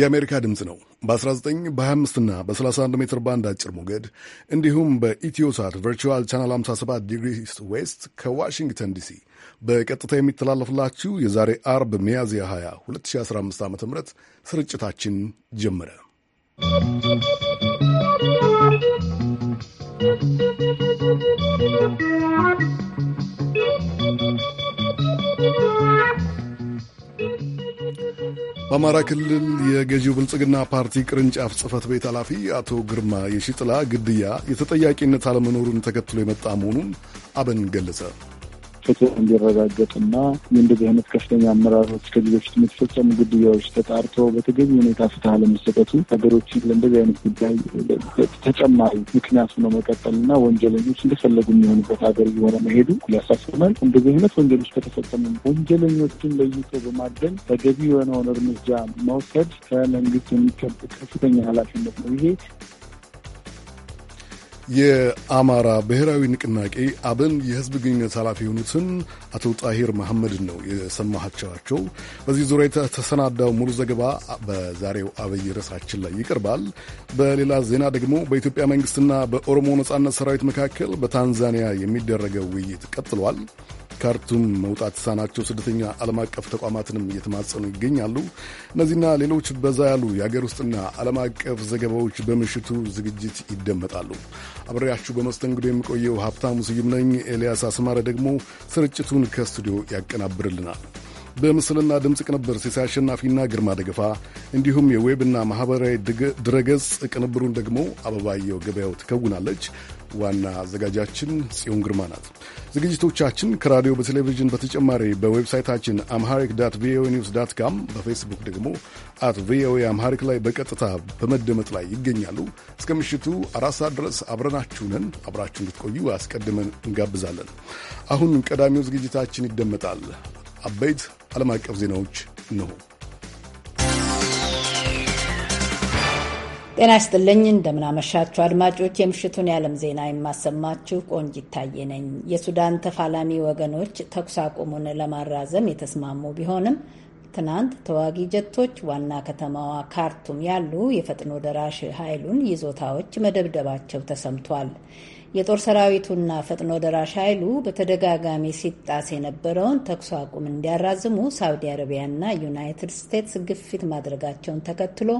የአሜሪካ ድምፅ ነው። በ19 በ25ና በ31 ሜትር ባንድ አጭር ሞገድ እንዲሁም በኢትዮሳት ቨርቹዋል ቻናል 57 ዲግሪ ዌስት ከዋሽንግተን ዲሲ በቀጥታ የሚተላለፍላችሁ የዛሬ አርብ ሚያዝያ 20 2015 ዓ ም ስርጭታችን ጀመረ። ¶¶ በአማራ ክልል የገዢው ብልጽግና ፓርቲ ቅርንጫፍ ጽህፈት ቤት ኃላፊ አቶ ግርማ የሺጥላ ግድያ የተጠያቂነት አለመኖሩን ተከትሎ የመጣ መሆኑን አብን ገለጸ። ፍትህ እንዲረጋገጥና የእንደዚህ አይነት ከፍተኛ አመራሮች ከዚህ በፊት የተፈጸሙ ግድያዎች ተጣርቶ በተገቢ ሁኔታ ፍትህ አለመሰጠቱ ሀገሮችን ለእንደዚህ አይነት ጉዳይ ተጨማሪ ምክንያት ሆኖ መቀጠልና ወንጀለኞች እንደፈለጉ የሚሆኑበት ሀገር እየሆነ መሄዱ ያሳስበናል። እንደዚህ አይነት ወንጀሎች ከተፈጸሙ ወንጀለኞችን ለይቶ በማደን ተገቢ የሆነውን እርምጃ መውሰድ ከመንግስት የሚከብ ከፍተኛ ኃላፊነት ነው ይሄ የአማራ ብሔራዊ ንቅናቄ አብን የህዝብ ግንኙነት ኃላፊ የሆኑትን አቶ ጣሂር መሐመድን ነው የሰማሃቸዋቸው። በዚህ ዙሪያ የተሰናዳው ሙሉ ዘገባ በዛሬው አብይ ርዕሳችን ላይ ይቀርባል። በሌላ ዜና ደግሞ በኢትዮጵያ መንግስትና በኦሮሞ ነጻነት ሰራዊት መካከል በታንዛኒያ የሚደረገው ውይይት ቀጥሏል። ካርቱም መውጣት ሳናቸው ስደተኛ ዓለም አቀፍ ተቋማትንም እየተማጸኑ ይገኛሉ። እነዚህና ሌሎች በዛ ያሉ የአገር ውስጥና ዓለም አቀፍ ዘገባዎች በምሽቱ ዝግጅት ይደመጣሉ። አብሬያችሁ በመስተንግዶ የምቆየው ሀብታሙ ስዩም ነኝ። ኤልያስ አስማረ ደግሞ ስርጭቱን ከስቱዲዮ ያቀናብርልናል። በምስልና ድምፅ ቅንብር ሲሳይ አሸናፊና ግርማ ደገፋ እንዲሁም የዌብና ማኅበራዊ ድረገጽ ቅንብሩን ደግሞ አበባየው ገበያው ትከውናለች። ዋና አዘጋጃችን ጽዮን ግርማ ናት። ዝግጅቶቻችን ከራዲዮ በቴሌቪዥን በተጨማሪ በዌብሳይታችን አምሃሪክ ዳት ቪኦኤ ኒውስ ዳት ካም፣ በፌስቡክ ደግሞ አት ቪኦኤ አምሃሪክ ላይ በቀጥታ በመደመጥ ላይ ይገኛሉ። እስከ ምሽቱ አራት ሰዓት ድረስ አብረናችሁንን አብራችሁ እንድትቆዩ አስቀድመን እንጋብዛለን። አሁን ቀዳሚው ዝግጅታችን ይደመጣል። አበይት ዓለም አቀፍ ዜናዎች ነው። ጤና ይስጥልኝ እንደምናመሻችሁ አድማጮች፣ የምሽቱን የዓለም ዜና የማሰማችሁ ቆንጅ ይታየ ነኝ። የሱዳን ተፋላሚ ወገኖች ተኩስ አቁሙን ለማራዘም የተስማሙ ቢሆንም ትናንት ተዋጊ ጀቶች ዋና ከተማዋ ካርቱም ያሉ የፈጥኖ ደራሽ ኃይሉን ይዞታዎች መደብደባቸው ተሰምቷል። የጦር ሰራዊቱና ፈጥኖ ደራሽ ኃይሉ በተደጋጋሚ ሲጣስ የነበረውን ተኩስ አቁም እንዲያራዝሙ ሳውዲ አረቢያና ዩናይትድ ስቴትስ ግፊት ማድረጋቸውን ተከትሎ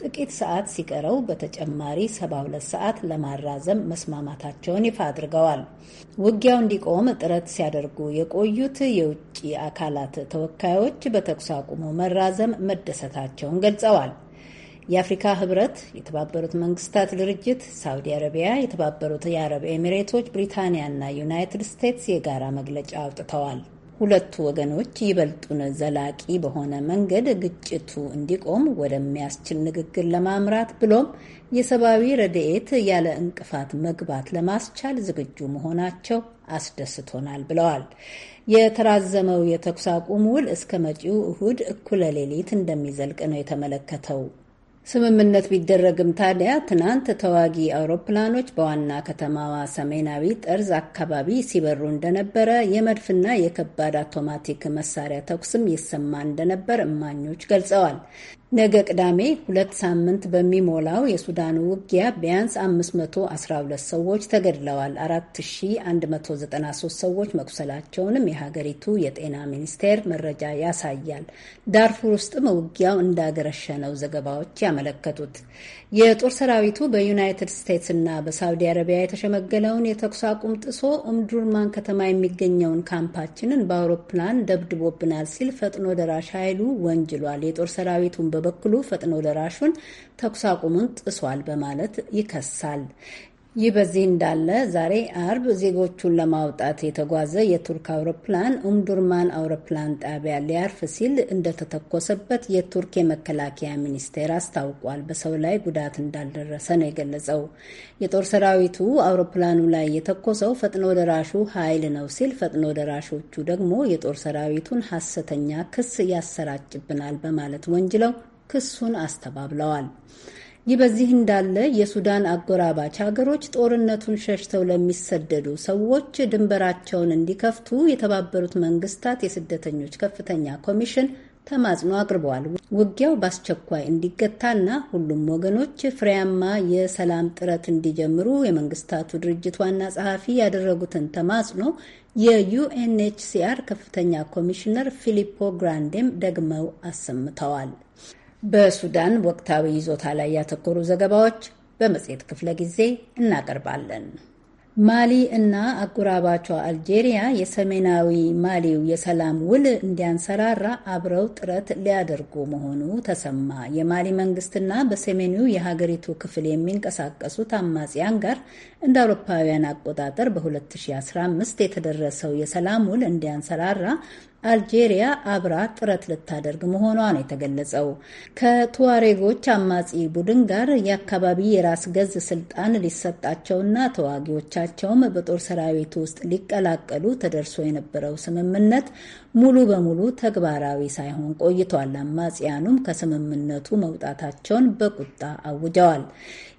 ጥቂት ሰዓት ሲቀረው በተጨማሪ 72 ሰዓት ለማራዘም መስማማታቸውን ይፋ አድርገዋል። ውጊያው እንዲቆም ጥረት ሲያደርጉ የቆዩት የውጭ አካላት ተወካዮች በተኩስ አቁሙ መራዘም መደሰታቸውን ገልጸዋል። የአፍሪካ ህብረት፣ የተባበሩት መንግስታት ድርጅት፣ ሳውዲ አረቢያ፣ የተባበሩት የአረብ ኤሚሬቶች፣ ብሪታንያና ዩናይትድ ስቴትስ የጋራ መግለጫ አውጥተዋል። ሁለቱ ወገኖች ይበልጡን ዘላቂ በሆነ መንገድ ግጭቱ እንዲቆም ወደሚያስችል ንግግር ለማምራት ብሎም የሰብአዊ ረድኤት ያለ እንቅፋት መግባት ለማስቻል ዝግጁ መሆናቸው አስደስቶናል ብለዋል። የተራዘመው የተኩስ አቁም ውል እስከ መጪው እሁድ እኩለ ሌሊት እንደሚዘልቅ ነው የተመለከተው። ስምምነት ቢደረግም ታዲያ ትናንት ተዋጊ አውሮፕላኖች በዋና ከተማዋ ሰሜናዊ ጠርዝ አካባቢ ሲበሩ እንደነበረ የመድፍና የከባድ አውቶማቲክ መሳሪያ ተኩስም ይሰማ እንደነበር እማኞች ገልጸዋል። ነገ ቅዳሜ ሁለት ሳምንት በሚሞላው የሱዳን ውጊያ ቢያንስ 512 ሰዎች ተገድለዋል፣ 4193 ሰዎች መቁሰላቸውንም የሀገሪቱ የጤና ሚኒስቴር መረጃ ያሳያል። ዳርፉር ውስጥም ውጊያው እንዳገረሸ ነው ዘገባዎች ያመለከቱት። የጦር ሰራዊቱ በዩናይትድ ስቴትስ እና በሳውዲ አረቢያ የተሸመገለውን የተኩስ አቁም ጥሶ ኡምዱርማን ከተማ የሚገኘውን ካምፓችንን በአውሮፕላን ደብድቦብናል ሲል ፈጥኖ ደራሽ ኃይሉ ወንጅሏል። የጦር ሰራዊቱን በበኩሉ ፈጥኖ ደራሹን ተኩስ አቁሙን ጥሷል በማለት ይከሳል። ይህ በዚህ እንዳለ ዛሬ አርብ ዜጎቹን ለማውጣት የተጓዘ የቱርክ አውሮፕላን ኡምዱርማን አውሮፕላን ጣቢያ ሊያርፍ ሲል እንደተተኮሰበት የቱርክ የመከላከያ ሚኒስቴር አስታውቋል። በሰው ላይ ጉዳት እንዳልደረሰ ነው የገለጸው። የጦር ሰራዊቱ አውሮፕላኑ ላይ የተኮሰው ፈጥኖ ደራሹ ኃይል ነው ሲል፣ ፈጥኖ ደራሾቹ ደግሞ የጦር ሰራዊቱን ሐሰተኛ ክስ ያሰራጭብናል በማለት ወንጅለው ክሱን አስተባብለዋል። ይህ በዚህ እንዳለ የሱዳን አጎራባች ሀገሮች ጦርነቱን ሸሽተው ለሚሰደዱ ሰዎች ድንበራቸውን እንዲከፍቱ የተባበሩት መንግስታት የስደተኞች ከፍተኛ ኮሚሽን ተማጽኖ አቅርበዋል። ውጊያው በአስቸኳይ እንዲገታና ሁሉም ወገኖች ፍሬያማ የሰላም ጥረት እንዲጀምሩ የመንግስታቱ ድርጅት ዋና ጸሐፊ ያደረጉትን ተማጽኖ የዩኤንኤችሲአር ከፍተኛ ኮሚሽነር ፊሊፖ ግራንዴም ደግመው አሰምተዋል። በሱዳን ወቅታዊ ይዞታ ላይ ያተኮሩ ዘገባዎች በመጽሔት ክፍለ ጊዜ እናቀርባለን። ማሊ እና አጎራባቿ አልጄሪያ የሰሜናዊ ማሊው የሰላም ውል እንዲያንሰራራ አብረው ጥረት ሊያደርጉ መሆኑ ተሰማ። የማሊ መንግስትና በሰሜኑ የሀገሪቱ ክፍል የሚንቀሳቀሱት አማጽያን ጋር እንደ አውሮፓውያን አቆጣጠር በ2015 የተደረሰው የሰላም ውል እንዲያንሰራራ አልጄሪያ አብራ ጥረት ልታደርግ መሆኗ ነው የተገለጸው። ከቱዋሬጎች አማጺ ቡድን ጋር የአካባቢ የራስ ገዝ ስልጣን ሊሰጣቸውና ተዋጊዎቻቸውም በጦር ሰራዊት ውስጥ ሊቀላቀሉ ተደርሶ የነበረው ስምምነት ሙሉ በሙሉ ተግባራዊ ሳይሆን ቆይቷል። አማጽያኑም ከስምምነቱ መውጣታቸውን በቁጣ አውጀዋል።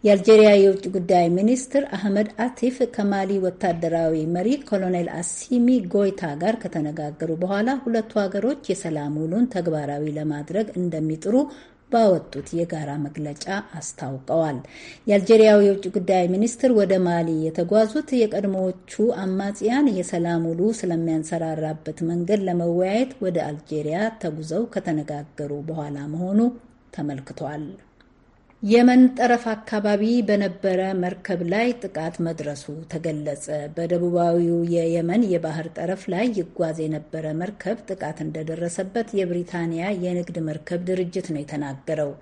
የአልጄሪያ የውጭ ጉዳይ ሚኒስትር አህመድ አቲፍ ከማሊ ወታደራዊ መሪ ኮሎኔል አሲሚ ጎይታ ጋር ከተነጋገሩ በኋላ ሁለቱ ሀገሮች የሰላም ውሉን ተግባራዊ ለማድረግ እንደሚጥሩ ባወጡት የጋራ መግለጫ አስታውቀዋል። የአልጄሪያው የውጭ ጉዳይ ሚኒስትር ወደ ማሊ የተጓዙት የቀድሞዎቹ አማጽያን የሰላም ውሉ ስለሚያንሰራራበት መንገድ ለመወያየት ወደ አልጄሪያ ተጉዘው ከተነጋገሩ በኋላ መሆኑ ተመልክቷል። የመን ጠረፍ አካባቢ በነበረ መርከብ ላይ ጥቃት መድረሱ ተገለጸ። በደቡባዊው የየመን የባህር ጠረፍ ላይ ይጓዝ የነበረ መርከብ ጥቃት እንደደረሰበት የብሪታንያ የንግድ መርከብ ድርጅት ነው የተናገረው።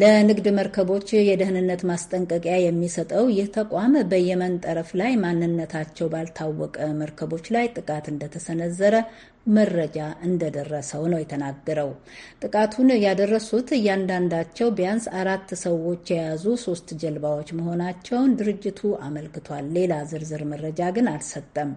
ለንግድ መርከቦች የደህንነት ማስጠንቀቂያ የሚሰጠው ይህ ተቋም በየመን ጠረፍ ላይ ማንነታቸው ባልታወቀ መርከቦች ላይ ጥቃት እንደተሰነዘረ መረጃ እንደደረሰው ነው የተናገረው። ጥቃቱን ያደረሱት እያንዳንዳቸው ቢያንስ አራት ሰዎች የያዙ ሶስት ጀልባዎች መሆናቸውን ድርጅቱ አመልክቷል። ሌላ ዝርዝር መረጃ ግን አልሰጠም።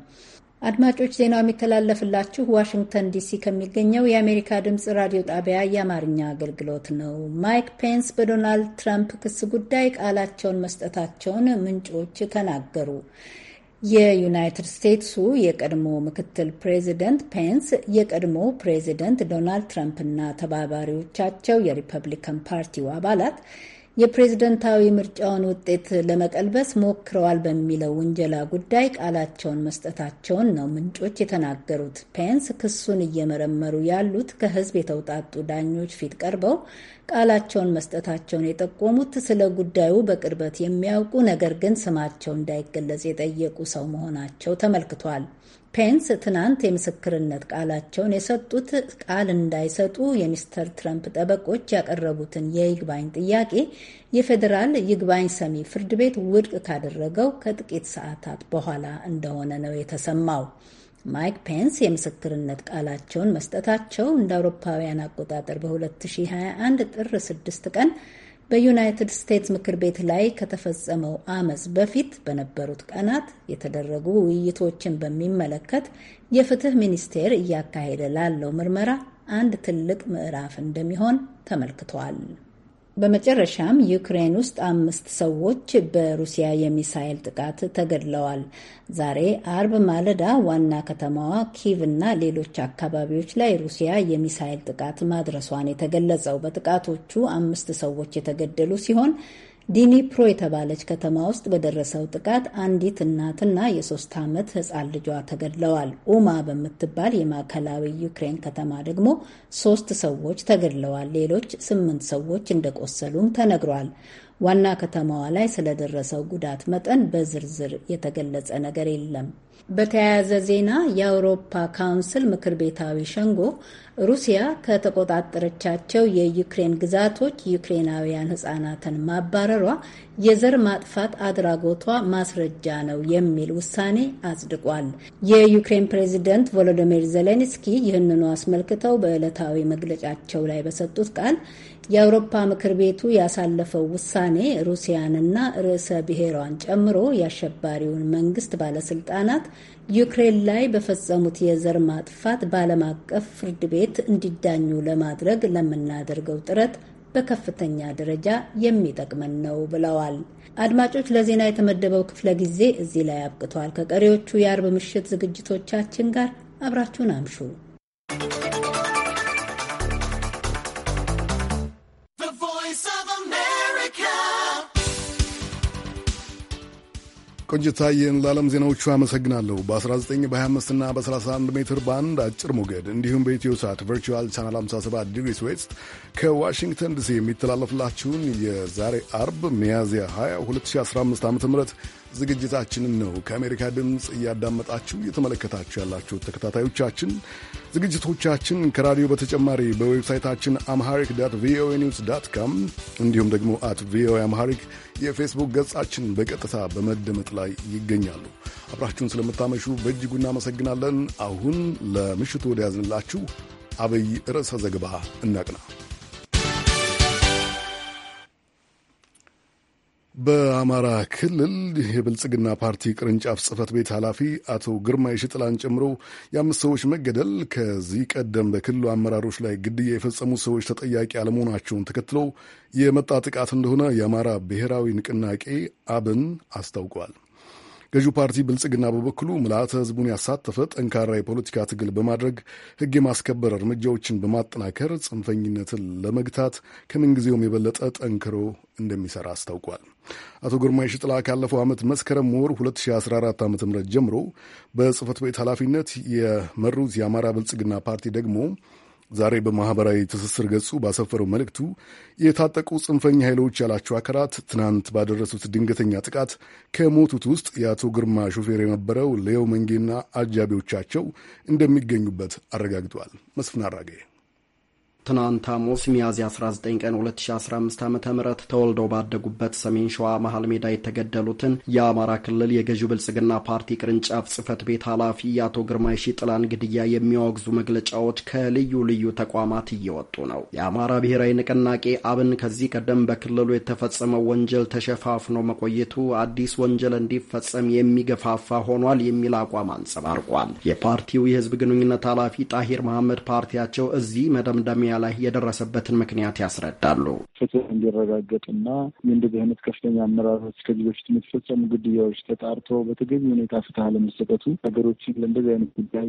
አድማጮች ዜናው የሚተላለፍላችሁ ዋሽንግተን ዲሲ ከሚገኘው የአሜሪካ ድምፅ ራዲዮ ጣቢያ የአማርኛ አገልግሎት ነው። ማይክ ፔንስ በዶናልድ ትራምፕ ክስ ጉዳይ ቃላቸውን መስጠታቸውን ምንጮች ተናገሩ። የዩናይትድ ስቴትሱ የቀድሞ ምክትል ፕሬዚደንት ፔንስ የቀድሞ ፕሬዚደንት ዶናልድ ትራምፕና ተባባሪዎቻቸው የሪፐብሊካን ፓርቲው አባላት የፕሬዝደንታዊ ምርጫውን ውጤት ለመቀልበስ ሞክረዋል በሚለው ውንጀላ ጉዳይ ቃላቸውን መስጠታቸውን ነው ምንጮች የተናገሩት። ፔንስ ክሱን እየመረመሩ ያሉት ከህዝብ የተውጣጡ ዳኞች ፊት ቀርበው ቃላቸውን መስጠታቸውን የጠቆሙት ስለ ጉዳዩ በቅርበት የሚያውቁ ነገር ግን ስማቸው እንዳይገለጽ የጠየቁ ሰው መሆናቸው ተመልክቷል። ፔንስ ትናንት የምስክርነት ቃላቸውን የሰጡት ቃል እንዳይሰጡ የሚስተር ትረምፕ ጠበቆች ያቀረቡትን የይግባኝ ጥያቄ የፌዴራል ይግባኝ ሰሚ ፍርድ ቤት ውድቅ ካደረገው ከጥቂት ሰዓታት በኋላ እንደሆነ ነው የተሰማው። ማይክ ፔንስ የምስክርነት ቃላቸውን መስጠታቸው እንደ አውሮፓውያን አቆጣጠር በ2021 ጥር 6 ቀን በዩናይትድ ስቴትስ ምክር ቤት ላይ ከተፈጸመው አመፅ በፊት በነበሩት ቀናት የተደረጉ ውይይቶችን በሚመለከት የፍትህ ሚኒስቴር እያካሄደ ላለው ምርመራ አንድ ትልቅ ምዕራፍ እንደሚሆን ተመልክቷል። በመጨረሻም ዩክሬን ውስጥ አምስት ሰዎች በሩሲያ የሚሳይል ጥቃት ተገድለዋል። ዛሬ አርብ ማለዳ ዋና ከተማዋ ኪቭ እና ሌሎች አካባቢዎች ላይ ሩሲያ የሚሳይል ጥቃት ማድረሷን የተገለጸው በጥቃቶቹ አምስት ሰዎች የተገደሉ ሲሆን ዲኒፕሮ የተባለች ከተማ ውስጥ በደረሰው ጥቃት አንዲት እናትና የሶስት ዓመት ህጻን ልጇ ተገድለዋል። ኡማ በምትባል የማዕከላዊ ዩክሬን ከተማ ደግሞ ሶስት ሰዎች ተገድለዋል። ሌሎች ስምንት ሰዎች እንደቆሰሉም ተነግሯል። ዋና ከተማዋ ላይ ስለደረሰው ጉዳት መጠን በዝርዝር የተገለጸ ነገር የለም። በተያያዘ ዜና የአውሮፓ ካውንስል ምክር ቤታዊ ሸንጎ ሩሲያ ከተቆጣጠረቻቸው የዩክሬን ግዛቶች ዩክሬናውያን ሕጻናትን ማባረሯ የዘር ማጥፋት አድራጎቷ ማስረጃ ነው የሚል ውሳኔ አጽድቋል። የዩክሬን ፕሬዚደንት ቮሎዲሚር ዜሌንስኪ ይህንኑ አስመልክተው በዕለታዊ መግለጫቸው ላይ በሰጡት ቃል የአውሮፓ ምክር ቤቱ ያሳለፈው ውሳኔ ሩሲያንና ርዕሰ ብሔሯን ጨምሮ የአሸባሪውን መንግስት ባለስልጣናት ዩክሬን ላይ በፈጸሙት የዘር ማጥፋት በዓለም አቀፍ ፍርድ ቤት እንዲዳኙ ለማድረግ ለምናደርገው ጥረት በከፍተኛ ደረጃ የሚጠቅመን ነው ብለዋል። አድማጮች፣ ለዜና የተመደበው ክፍለ ጊዜ እዚህ ላይ አብቅቷል። ከቀሪዎቹ የአርብ ምሽት ዝግጅቶቻችን ጋር አብራችሁን አምሹ። ቆንጅታየን ለዓለም ዜናዎቹ አመሰግናለሁ። በ19 በ25 እና በ31 ሜትር ባንድ አጭር ሞገድ እንዲሁም በኢትዮ ሳት ቨርቹዋል ቻናል 57 ዲግሪስ ዌስት ከዋሽንግተን ዲሲ የሚተላለፍላችሁን የዛሬ አርብ ሚያዝያ 20 2015 ዓ ም ዝግጅታችንን ነው ከአሜሪካ ድምፅ እያዳመጣችሁ እየተመለከታችሁ ያላችሁ ተከታታዮቻችን። ዝግጅቶቻችን ከራዲዮ በተጨማሪ በዌብሳይታችን አምሃሪክ ዳት ቪኦኤ ኒውስ ዳት ካም እንዲሁም ደግሞ አት ቪኦኤ አምሃሪክ የፌስቡክ ገጻችን በቀጥታ በመደመጥ ላይ ይገኛሉ። አብራችሁን ስለምታመሹ በእጅጉ እናመሰግናለን። አሁን ለምሽቱ ወደ ያዝንላችሁ አብይ ርዕሰ ዘገባ እናቅና። በአማራ ክልል የብልጽግና ፓርቲ ቅርንጫፍ ጽህፈት ቤት ኃላፊ አቶ ግርማ የሽጥላን ጨምሮ የአምስት ሰዎች መገደል ከዚህ ቀደም በክልሉ አመራሮች ላይ ግድያ የፈጸሙ ሰዎች ተጠያቂ አለመሆናቸውን ተከትሎ የመጣ ጥቃት እንደሆነ የአማራ ብሔራዊ ንቅናቄ አብን አስታውቋል። ገዢው ፓርቲ ብልጽግና በበኩሉ ምልአተ ህዝቡን ያሳተፈ ጠንካራ የፖለቲካ ትግል በማድረግ ህግ የማስከበር እርምጃዎችን በማጠናከር ጽንፈኝነትን ለመግታት ከምንጊዜውም የበለጠ ጠንክሮ እንደሚሰራ አስታውቋል። አቶ ግርማ ሽጥላ ካለፈው ዓመት መስከረም ወር 2014 ዓ ም ጀምሮ በጽህፈት ቤት ኃላፊነት የመሩት የአማራ ብልጽግና ፓርቲ ደግሞ ዛሬ በማህበራዊ ትስስር ገጹ ባሰፈረው መልእክቱ የታጠቁ ጽንፈኛ ኃይሎች ያላቸው አካላት ትናንት ባደረሱት ድንገተኛ ጥቃት ከሞቱት ውስጥ የአቶ ግርማ ሾፌር የነበረው ሌዮ መንጌና አጃቢዎቻቸው እንደሚገኙበት አረጋግጧል። መስፍን አራጌ ትናንት ሐሙስ ሚያዝያ 19 ቀን 2015 ዓ ም ተወልደው ባደጉበት ሰሜን ሸዋ መሀል ሜዳ የተገደሉትን የአማራ ክልል የገዢው ብልጽግና ፓርቲ ቅርንጫፍ ጽህፈት ቤት ኃላፊ የአቶ ግርማይ ሺጥላን ግድያ የሚያወግዙ መግለጫዎች ከልዩ ልዩ ተቋማት እየወጡ ነው። የአማራ ብሔራዊ ንቅናቄ አብን ከዚህ ቀደም በክልሉ የተፈጸመው ወንጀል ተሸፋፍኖ መቆየቱ አዲስ ወንጀል እንዲፈጸም የሚገፋፋ ሆኗል የሚል አቋም አንጸባርቋል። የፓርቲው የህዝብ ግንኙነት ኃላፊ ጣሂር መሐመድ ፓርቲያቸው እዚህ መደምደሚያ ላይ የደረሰበትን ምክንያት ያስረዳሉ። ፍትህ እንዲረጋገጥና የእንደዚህ አይነት ከፍተኛ አመራሮች ከዚህ በፊት የተፈጸሙ ግድያዎች ተጣርቶ በተገቢ ሁኔታ ፍትህ አለመሰጠቱ ሀገሮችን ለእንደዚህ አይነት ጉዳይ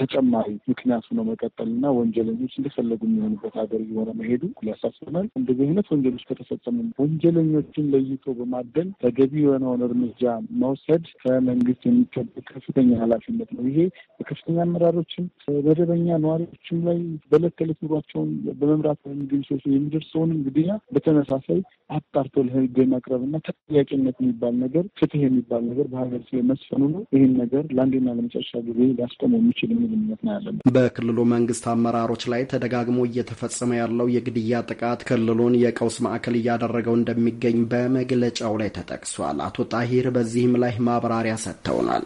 ተጨማሪ ምክንያት ሆኖ መቀጠልና ወንጀለኞች እንደፈለጉ የሚሆኑበት ሀገር እየሆነ መሄዱ ያሳስበናል። እንደዚህ አይነት ወንጀሎች ከተፈጸሙ ወንጀለኞችን ለይቶ በማደን ተገቢ የሆነውን እርምጃ መውሰድ ከመንግስት የሚጠበቅ ከፍተኛ ኃላፊነት ነው። ይሄ በከፍተኛ አመራሮችም መደበኛ ነዋሪዎችም ላይ በዕለት ኑሯቸውን በመምራት ወይም ግብሶች የሚደርሰውንም ግድያ በተመሳሳይ አጣርቶ ለህግ የማቅረብና ተጠያቂነት የሚባል ነገር ፍትህ የሚባል ነገር በሀገር ስለመስፈኑ ነው። ይህን ነገር ለአንዴና ለመጨረሻ ጊዜ ሊያስቆመው የሚችል የሚል እምነት ነው ያለን። በክልሉ መንግስት አመራሮች ላይ ተደጋግሞ እየተፈጸመ ያለው የግድያ ጥቃት ክልሉን የቀውስ ማዕከል እያደረገው እንደሚገኝ በመግለጫው ላይ ተጠቅሷል። አቶ ጣሂር በዚህም ላይ ማብራሪያ ሰጥተውናል።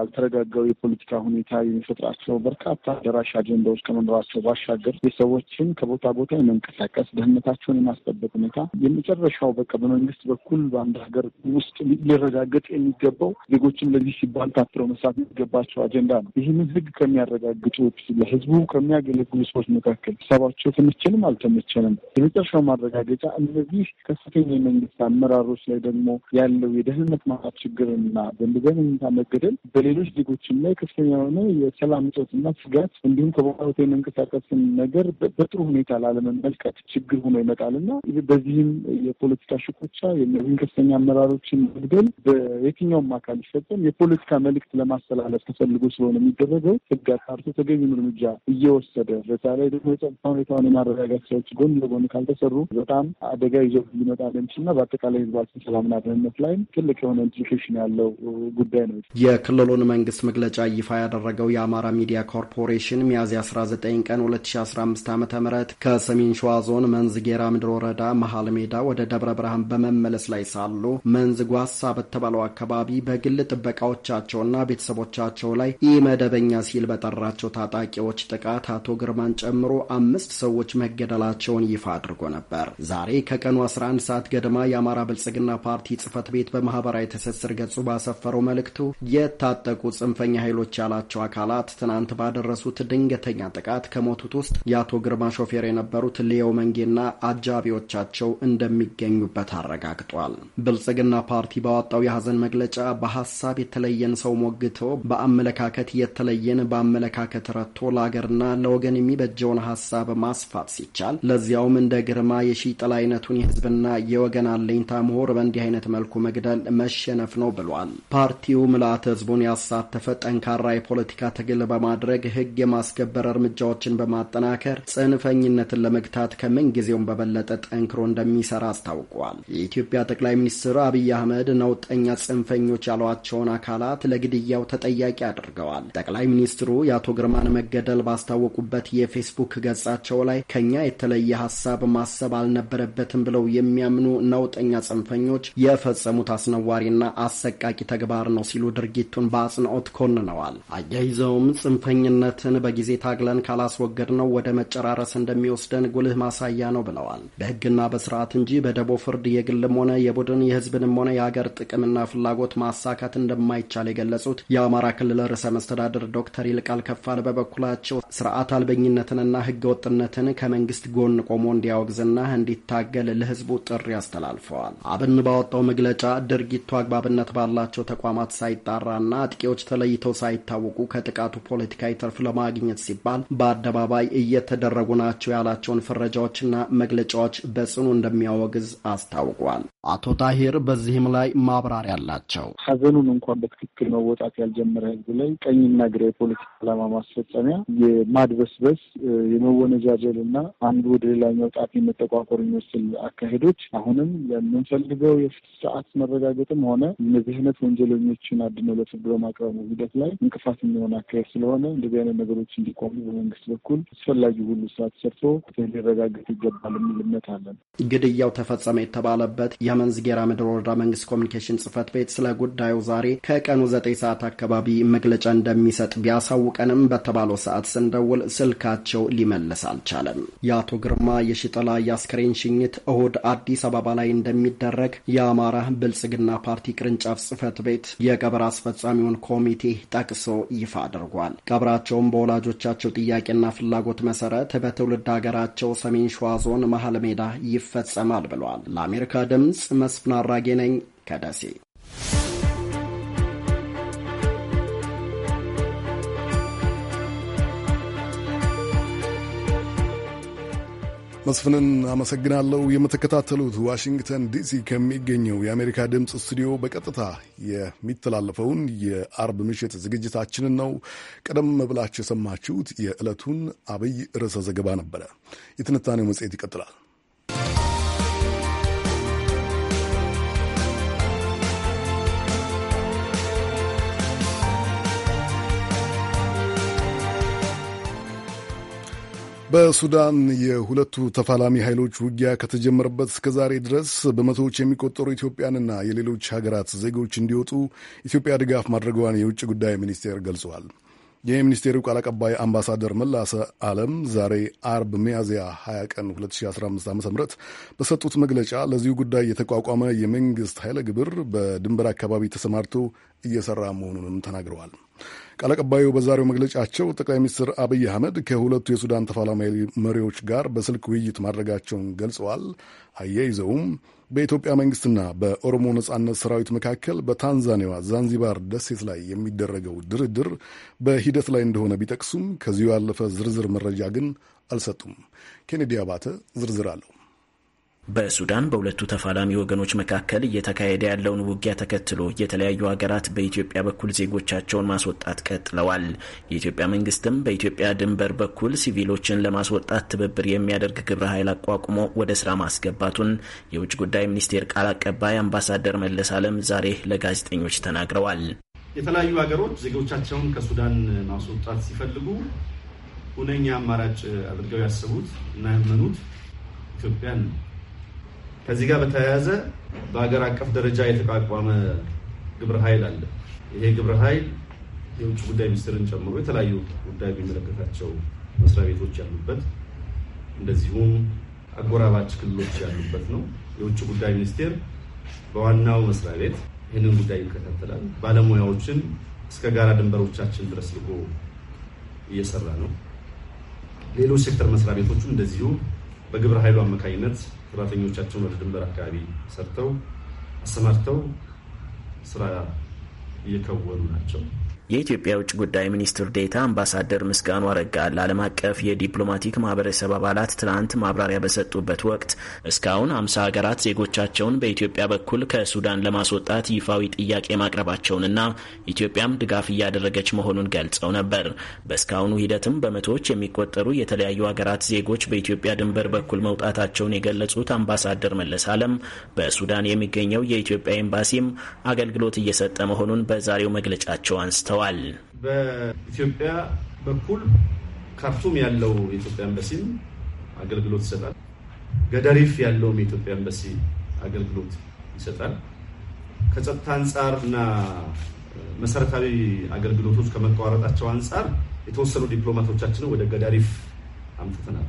ያልተረጋጋው የፖለቲካ ሁኔታ የሚፈጥራቸው በርካታ ደራሽ አጀንዳዎች ከመኖራቸው ባሻገር ሰዎችን ከቦታ ቦታ የመንቀሳቀስ ደህንነታቸውን የማስጠበቅ ሁኔታ የመጨረሻው በቃ በመንግስት በኩል በአንድ ሀገር ውስጥ ሊረጋገጥ የሚገባው ዜጎችን ለዚህ ሲባል ታትረው መስራት የሚገባቸው አጀንዳ ነው። ይህንን ህግ ከሚያረጋግጡት ለህዝቡ ከሚያገለግሉ ሰዎች መካከል ሰባቸው ተመቸንም አልተመቸንም የመጨረሻው ማረጋገጫ እነዚህ ከፍተኛ የመንግስት አመራሮች ላይ ደግሞ ያለው የደህንነት ማጣት ችግርና በእንደዚህ መገደል በሌሎች ዜጎችም ላይ ከፍተኛ የሆነ የሰላም እጦትና ስጋት እንዲሁም ከቦታ ቦታ የመንቀሳቀስን ነገር በጥሩ ሁኔታ ላለመመልከት ችግር ሆኖ ይመጣል በዚህም የፖለቲካ ሽኩቻ ከፍተኛ አመራሮችን መግደል በየትኛውም አካል ይፈጸም የፖለቲካ መልእክት ለማስተላለፍ ተፈልጎ ስለሆነ የሚደረገው ህግ አጣርቶ ተገቢውን እርምጃ እየወሰደ በዛ ላይ ደግሞ የጸጥታ ሁኔታውን የማረጋጋት ስራዎች ጎን ለጎን ካልተሰሩ በጣም አደጋ ይዞ ሊመጣ ለሚችል በአጠቃላይ ህዝባችን ሰላምና ደህንነት ላይም ትልቅ የሆነ ኢምፕሊኬሽን ያለው ጉዳይ ነው። የክልሉን መንግስት መግለጫ ይፋ ያደረገው የአማራ ሚዲያ ኮርፖሬሽን ሚያዝያ አስራ ዘጠኝ ቀን ሁለት ሺ አስራ አምስት 2015 ዓ ም ከሰሜን ሸዋ ዞን መንዝ ጌራ ምድር ወረዳ መሃል ሜዳ ወደ ደብረ ብርሃን በመመለስ ላይ ሳሉ መንዝ ጓሳ በተባለው አካባቢ በግል ጥበቃዎቻቸውና ቤተሰቦቻቸው ላይ ኢመደበኛ ሲል በጠራቸው ታጣቂዎች ጥቃት አቶ ግርማን ጨምሮ አምስት ሰዎች መገደላቸውን ይፋ አድርጎ ነበር። ዛሬ ከቀኑ 11 ሰዓት ገደማ የአማራ ብልጽግና ፓርቲ ጽህፈት ቤት በማህበራዊ ትስስር ገጹ ባሰፈረው መልእክቱ የታጠቁ ጽንፈኛ ኃይሎች ያላቸው አካላት ትናንት ባደረሱት ድንገተኛ ጥቃት ከሞቱት ውስጥ የአቶ ግርማ ሾፌር የነበሩት ሊዮ መንጌና አጃቢዎቻቸው እንደሚገኙበት አረጋግጧል። ብልጽግና ፓርቲ ባወጣው የሐዘን መግለጫ በሀሳብ የተለየን ሰው ሞግቶ በአመለካከት የተለየን በአመለካከት ረቶ ለአገርና ለወገን የሚበጀውን ሀሳብ ማስፋት ሲቻል ለዚያውም እንደ ግርማ የሺህ አይነቱን የህዝብና የወገን አለኝታ ምሁር በእንዲህ አይነት መልኩ መግደል መሸነፍ ነው ብሏል። ፓርቲው ምልአተ ህዝቡን ያሳተፈ ጠንካራ የፖለቲካ ትግል በማድረግ ህግ የማስከበር እርምጃዎችን በማጠናከር ምክር ጽንፈኝነትን ለመግታት ከምንጊዜውም በበለጠ ጠንክሮ እንደሚሰራ አስታውቋል። የኢትዮጵያ ጠቅላይ ሚኒስትር አብይ አህመድ ነውጠኛ ጽንፈኞች ያሏቸውን አካላት ለግድያው ተጠያቂ አድርገዋል። ጠቅላይ ሚኒስትሩ የአቶ ግርማን መገደል ባስታወቁበት የፌስቡክ ገጻቸው ላይ ከኛ የተለየ ሀሳብ ማሰብ አልነበረበትም ብለው የሚያምኑ ነውጠኛ ጽንፈኞች የፈጸሙት አስነዋሪና አሰቃቂ ተግባር ነው ሲሉ ድርጊቱን በአጽንኦት ኮንነዋል። አያይዘውም ጽንፈኝነትን በጊዜ ታግለን ካላስወገድ ነው ወደ መጨራረስ እንደሚወስደን ጉልህ ማሳያ ነው ብለዋል። በህግና በስርዓት እንጂ በደቦ ፍርድ የግልም ሆነ የቡድን የህዝብንም ሆነ የአገር ጥቅምና ፍላጎት ማሳካት እንደማይቻል የገለጹት የአማራ ክልል ርዕሰ መስተዳድር ዶክተር ይልቃል ከፋለ በበኩላቸው ስርዓት አልበኝነትንና ወጥነትን ከመንግስት ጎን ቆሞ እንዲያወግዝና እንዲታገል ለህዝቡ ጥሪ አስተላልፈዋል። አብን ባወጣው መግለጫ ድርጊቱ አግባብነት ባላቸው ተቋማት ሳይጣራና አጥቂዎች ተለይተው ሳይታወቁ ከጥቃቱ ፖለቲካዊ ትርፍ ለማግኘት ሲባል በአደባባይ እየተ የተደረጉ ናቸው ያላቸውን ፍረጃዎችና መግለጫዎች በጽኑ እንደሚያወግዝ አስታውቋል። አቶ ታሂር በዚህም ላይ ማብራሪያ አላቸው። ሀዘኑን እንኳን በትክክል መወጣት ያልጀመረ ህዝብ ላይ ቀኝና ግራ የፖለቲካ ዓላማ ማስፈጸሚያ የማድበስበስ የመወነጃጀል እና አንዱ ወደ ሌላኛው ጣት የመጠቋቆር የሚመስል አካሄዶች አሁንም የምንፈልገው የፍትህ ስርዓት መረጋገጥም ሆነ እነዚህ አይነት ወንጀለኞችን አድነው ለፍርድ በማቅረቡ ሂደት ላይ እንቅፋት የሚሆን አካሄድ ስለሆነ እንደዚህ አይነት ነገሮች እንዲቆሙ በመንግስት በኩል አስፈላጊ ይህ ሁሉ ስራ ተሰርቶ ሊረጋገጥ ይገባል የሚል እምነት አለን። ግድያው ተፈጸመ የተባለበት የመንዝጌራ ምድር ወረዳ መንግስት ኮሚኒኬሽን ጽህፈት ቤት ስለ ጉዳዩ ዛሬ ከቀኑ ዘጠኝ ሰዓት አካባቢ መግለጫ እንደሚሰጥ ቢያሳውቀንም በተባለው ሰዓት ስንደውል ስልካቸው ሊመልስ አልቻለም። የአቶ ግርማ የሽጥላ፣ የአስክሬን ሽኝት እሁድ አዲስ አበባ ላይ እንደሚደረግ የአማራ ብልጽግና ፓርቲ ቅርንጫፍ ጽህፈት ቤት የቀብር አስፈጻሚውን ኮሚቴ ጠቅሶ ይፋ አድርጓል። ቀብራቸውም በወላጆቻቸው ጥያቄና ፍላጎት መሰረት መሰረት በትውልድ ሀገራቸው ሰሜን ሸዋ ዞን መሀል ሜዳ ይፈጸማል ብለዋል። ለአሜሪካ ድምፅ መስፍን አራጌ ነኝ ከደሴ መስፍንን አመሰግናለሁ። የምትከታተሉት ዋሽንግተን ዲሲ ከሚገኘው የአሜሪካ ድምፅ ስቱዲዮ በቀጥታ የሚተላለፈውን የአርብ ምሽት ዝግጅታችንን ነው። ቀደም ብላችሁ የሰማችሁት የዕለቱን አብይ ርዕሰ ዘገባ ነበረ። የትንታኔው መጽሔት ይቀጥላል። በሱዳን የሁለቱ ተፋላሚ ኃይሎች ውጊያ ከተጀመረበት እስከ ዛሬ ድረስ በመቶዎች የሚቆጠሩ ኢትዮጵያንና የሌሎች ሀገራት ዜጎች እንዲወጡ ኢትዮጵያ ድጋፍ ማድረገዋን የውጭ ጉዳይ ሚኒስቴር ገልጸዋል። የሚኒስቴሩ ቃል አቀባይ አምባሳደር መላሰ አለም ዛሬ አርብ ሚያዝያ 20 ቀን 2015 ዓ ም በሰጡት መግለጫ ለዚሁ ጉዳይ የተቋቋመ የመንግሥት ኃይለ ግብር በድንበር አካባቢ ተሰማርቶ እየሰራ መሆኑንም ተናግረዋል። ቃል አቀባዩ በዛሬው መግለጫቸው ጠቅላይ ሚኒስትር አብይ አህመድ ከሁለቱ የሱዳን ተፋላሚ መሪዎች ጋር በስልክ ውይይት ማድረጋቸውን ገልጸዋል። አያይዘውም በኢትዮጵያ መንግስትና በኦሮሞ ነጻነት ሰራዊት መካከል በታንዛኒያዋ ዛንዚባር ደሴት ላይ የሚደረገው ድርድር በሂደት ላይ እንደሆነ ቢጠቅሱም ከዚሁ ያለፈ ዝርዝር መረጃ ግን አልሰጡም። ኬኔዲ አባተ ዝርዝር አለው። በሱዳን በሁለቱ ተፋላሚ ወገኖች መካከል እየተካሄደ ያለውን ውጊያ ተከትሎ የተለያዩ ሀገራት በኢትዮጵያ በኩል ዜጎቻቸውን ማስወጣት ቀጥለዋል። የኢትዮጵያ መንግስትም በኢትዮጵያ ድንበር በኩል ሲቪሎችን ለማስወጣት ትብብር የሚያደርግ ግብረ ኃይል አቋቁሞ ወደ ስራ ማስገባቱን የውጭ ጉዳይ ሚኒስቴር ቃል አቀባይ አምባሳደር መለስ አለም ዛሬ ለጋዜጠኞች ተናግረዋል። የተለያዩ ሀገሮች ዜጎቻቸውን ከሱዳን ማስወጣት ሲፈልጉ ሁነኛ አማራጭ አድርገው ያሰቡት እና ያመኑት ኢትዮጵያን ነው። ከዚህ ጋር በተያያዘ በሀገር አቀፍ ደረጃ የተቋቋመ ግብረ ኃይል አለ። ይሄ ግብረ ኃይል የውጭ ጉዳይ ሚኒስትርን ጨምሮ የተለያዩ ጉዳይ የሚመለከታቸው መስሪያ ቤቶች ያሉበት እንደዚሁም አጎራባች ክልሎች ያሉበት ነው። የውጭ ጉዳይ ሚኒስቴር በዋናው መስሪያ ቤት ይህንን ጉዳይ ይከታተላል። ባለሙያዎችን እስከ ጋራ ድንበሮቻችን ድረስ ልጎ እየሰራ ነው። ሌሎች ሴክተር መስሪያ ቤቶቹ እንደዚሁ በግብረ ኃይሉ አማካኝነት ሰራተኞቻቸውን ወደ ድንበር አካባቢ ሰርተው አሰማርተው ስራ እየከወኑ ናቸው። የኢትዮጵያ የውጭ ጉዳይ ሚኒስትር ዴታ አምባሳደር ምስጋኑ አረጋ ለዓለም አቀፍ የዲፕሎማቲክ ማህበረሰብ አባላት ትናንት ማብራሪያ በሰጡበት ወቅት እስካሁን አምሳ ሀገራት ዜጎቻቸውን በኢትዮጵያ በኩል ከሱዳን ለማስወጣት ይፋዊ ጥያቄ ማቅረባቸውንና ኢትዮጵያም ድጋፍ እያደረገች መሆኑን ገልጸው ነበር። በእስካሁኑ ሂደትም በመቶዎች የሚቆጠሩ የተለያዩ ሀገራት ዜጎች በኢትዮጵያ ድንበር በኩል መውጣታቸውን የገለጹት አምባሳደር መለስ አለም በሱዳን የሚገኘው የኢትዮጵያ ኤምባሲም አገልግሎት እየሰጠ መሆኑን በዛሬው መግለጫቸው አንስተዋል። ገልጸዋል። በኢትዮጵያ በኩል ካርቱም ያለው የኢትዮጵያ ኤምባሲም አገልግሎት ይሰጣል። ገደሪፍ ያለውም የኢትዮጵያ ኤምባሲ አገልግሎት ይሰጣል። ከጸጥታ አንጻር እና መሰረታዊ አገልግሎቶች ከመቋረጣቸው አንጻር የተወሰኑ ዲፕሎማቶቻችንን ወደ ገዳሪፍ አምጥተናል።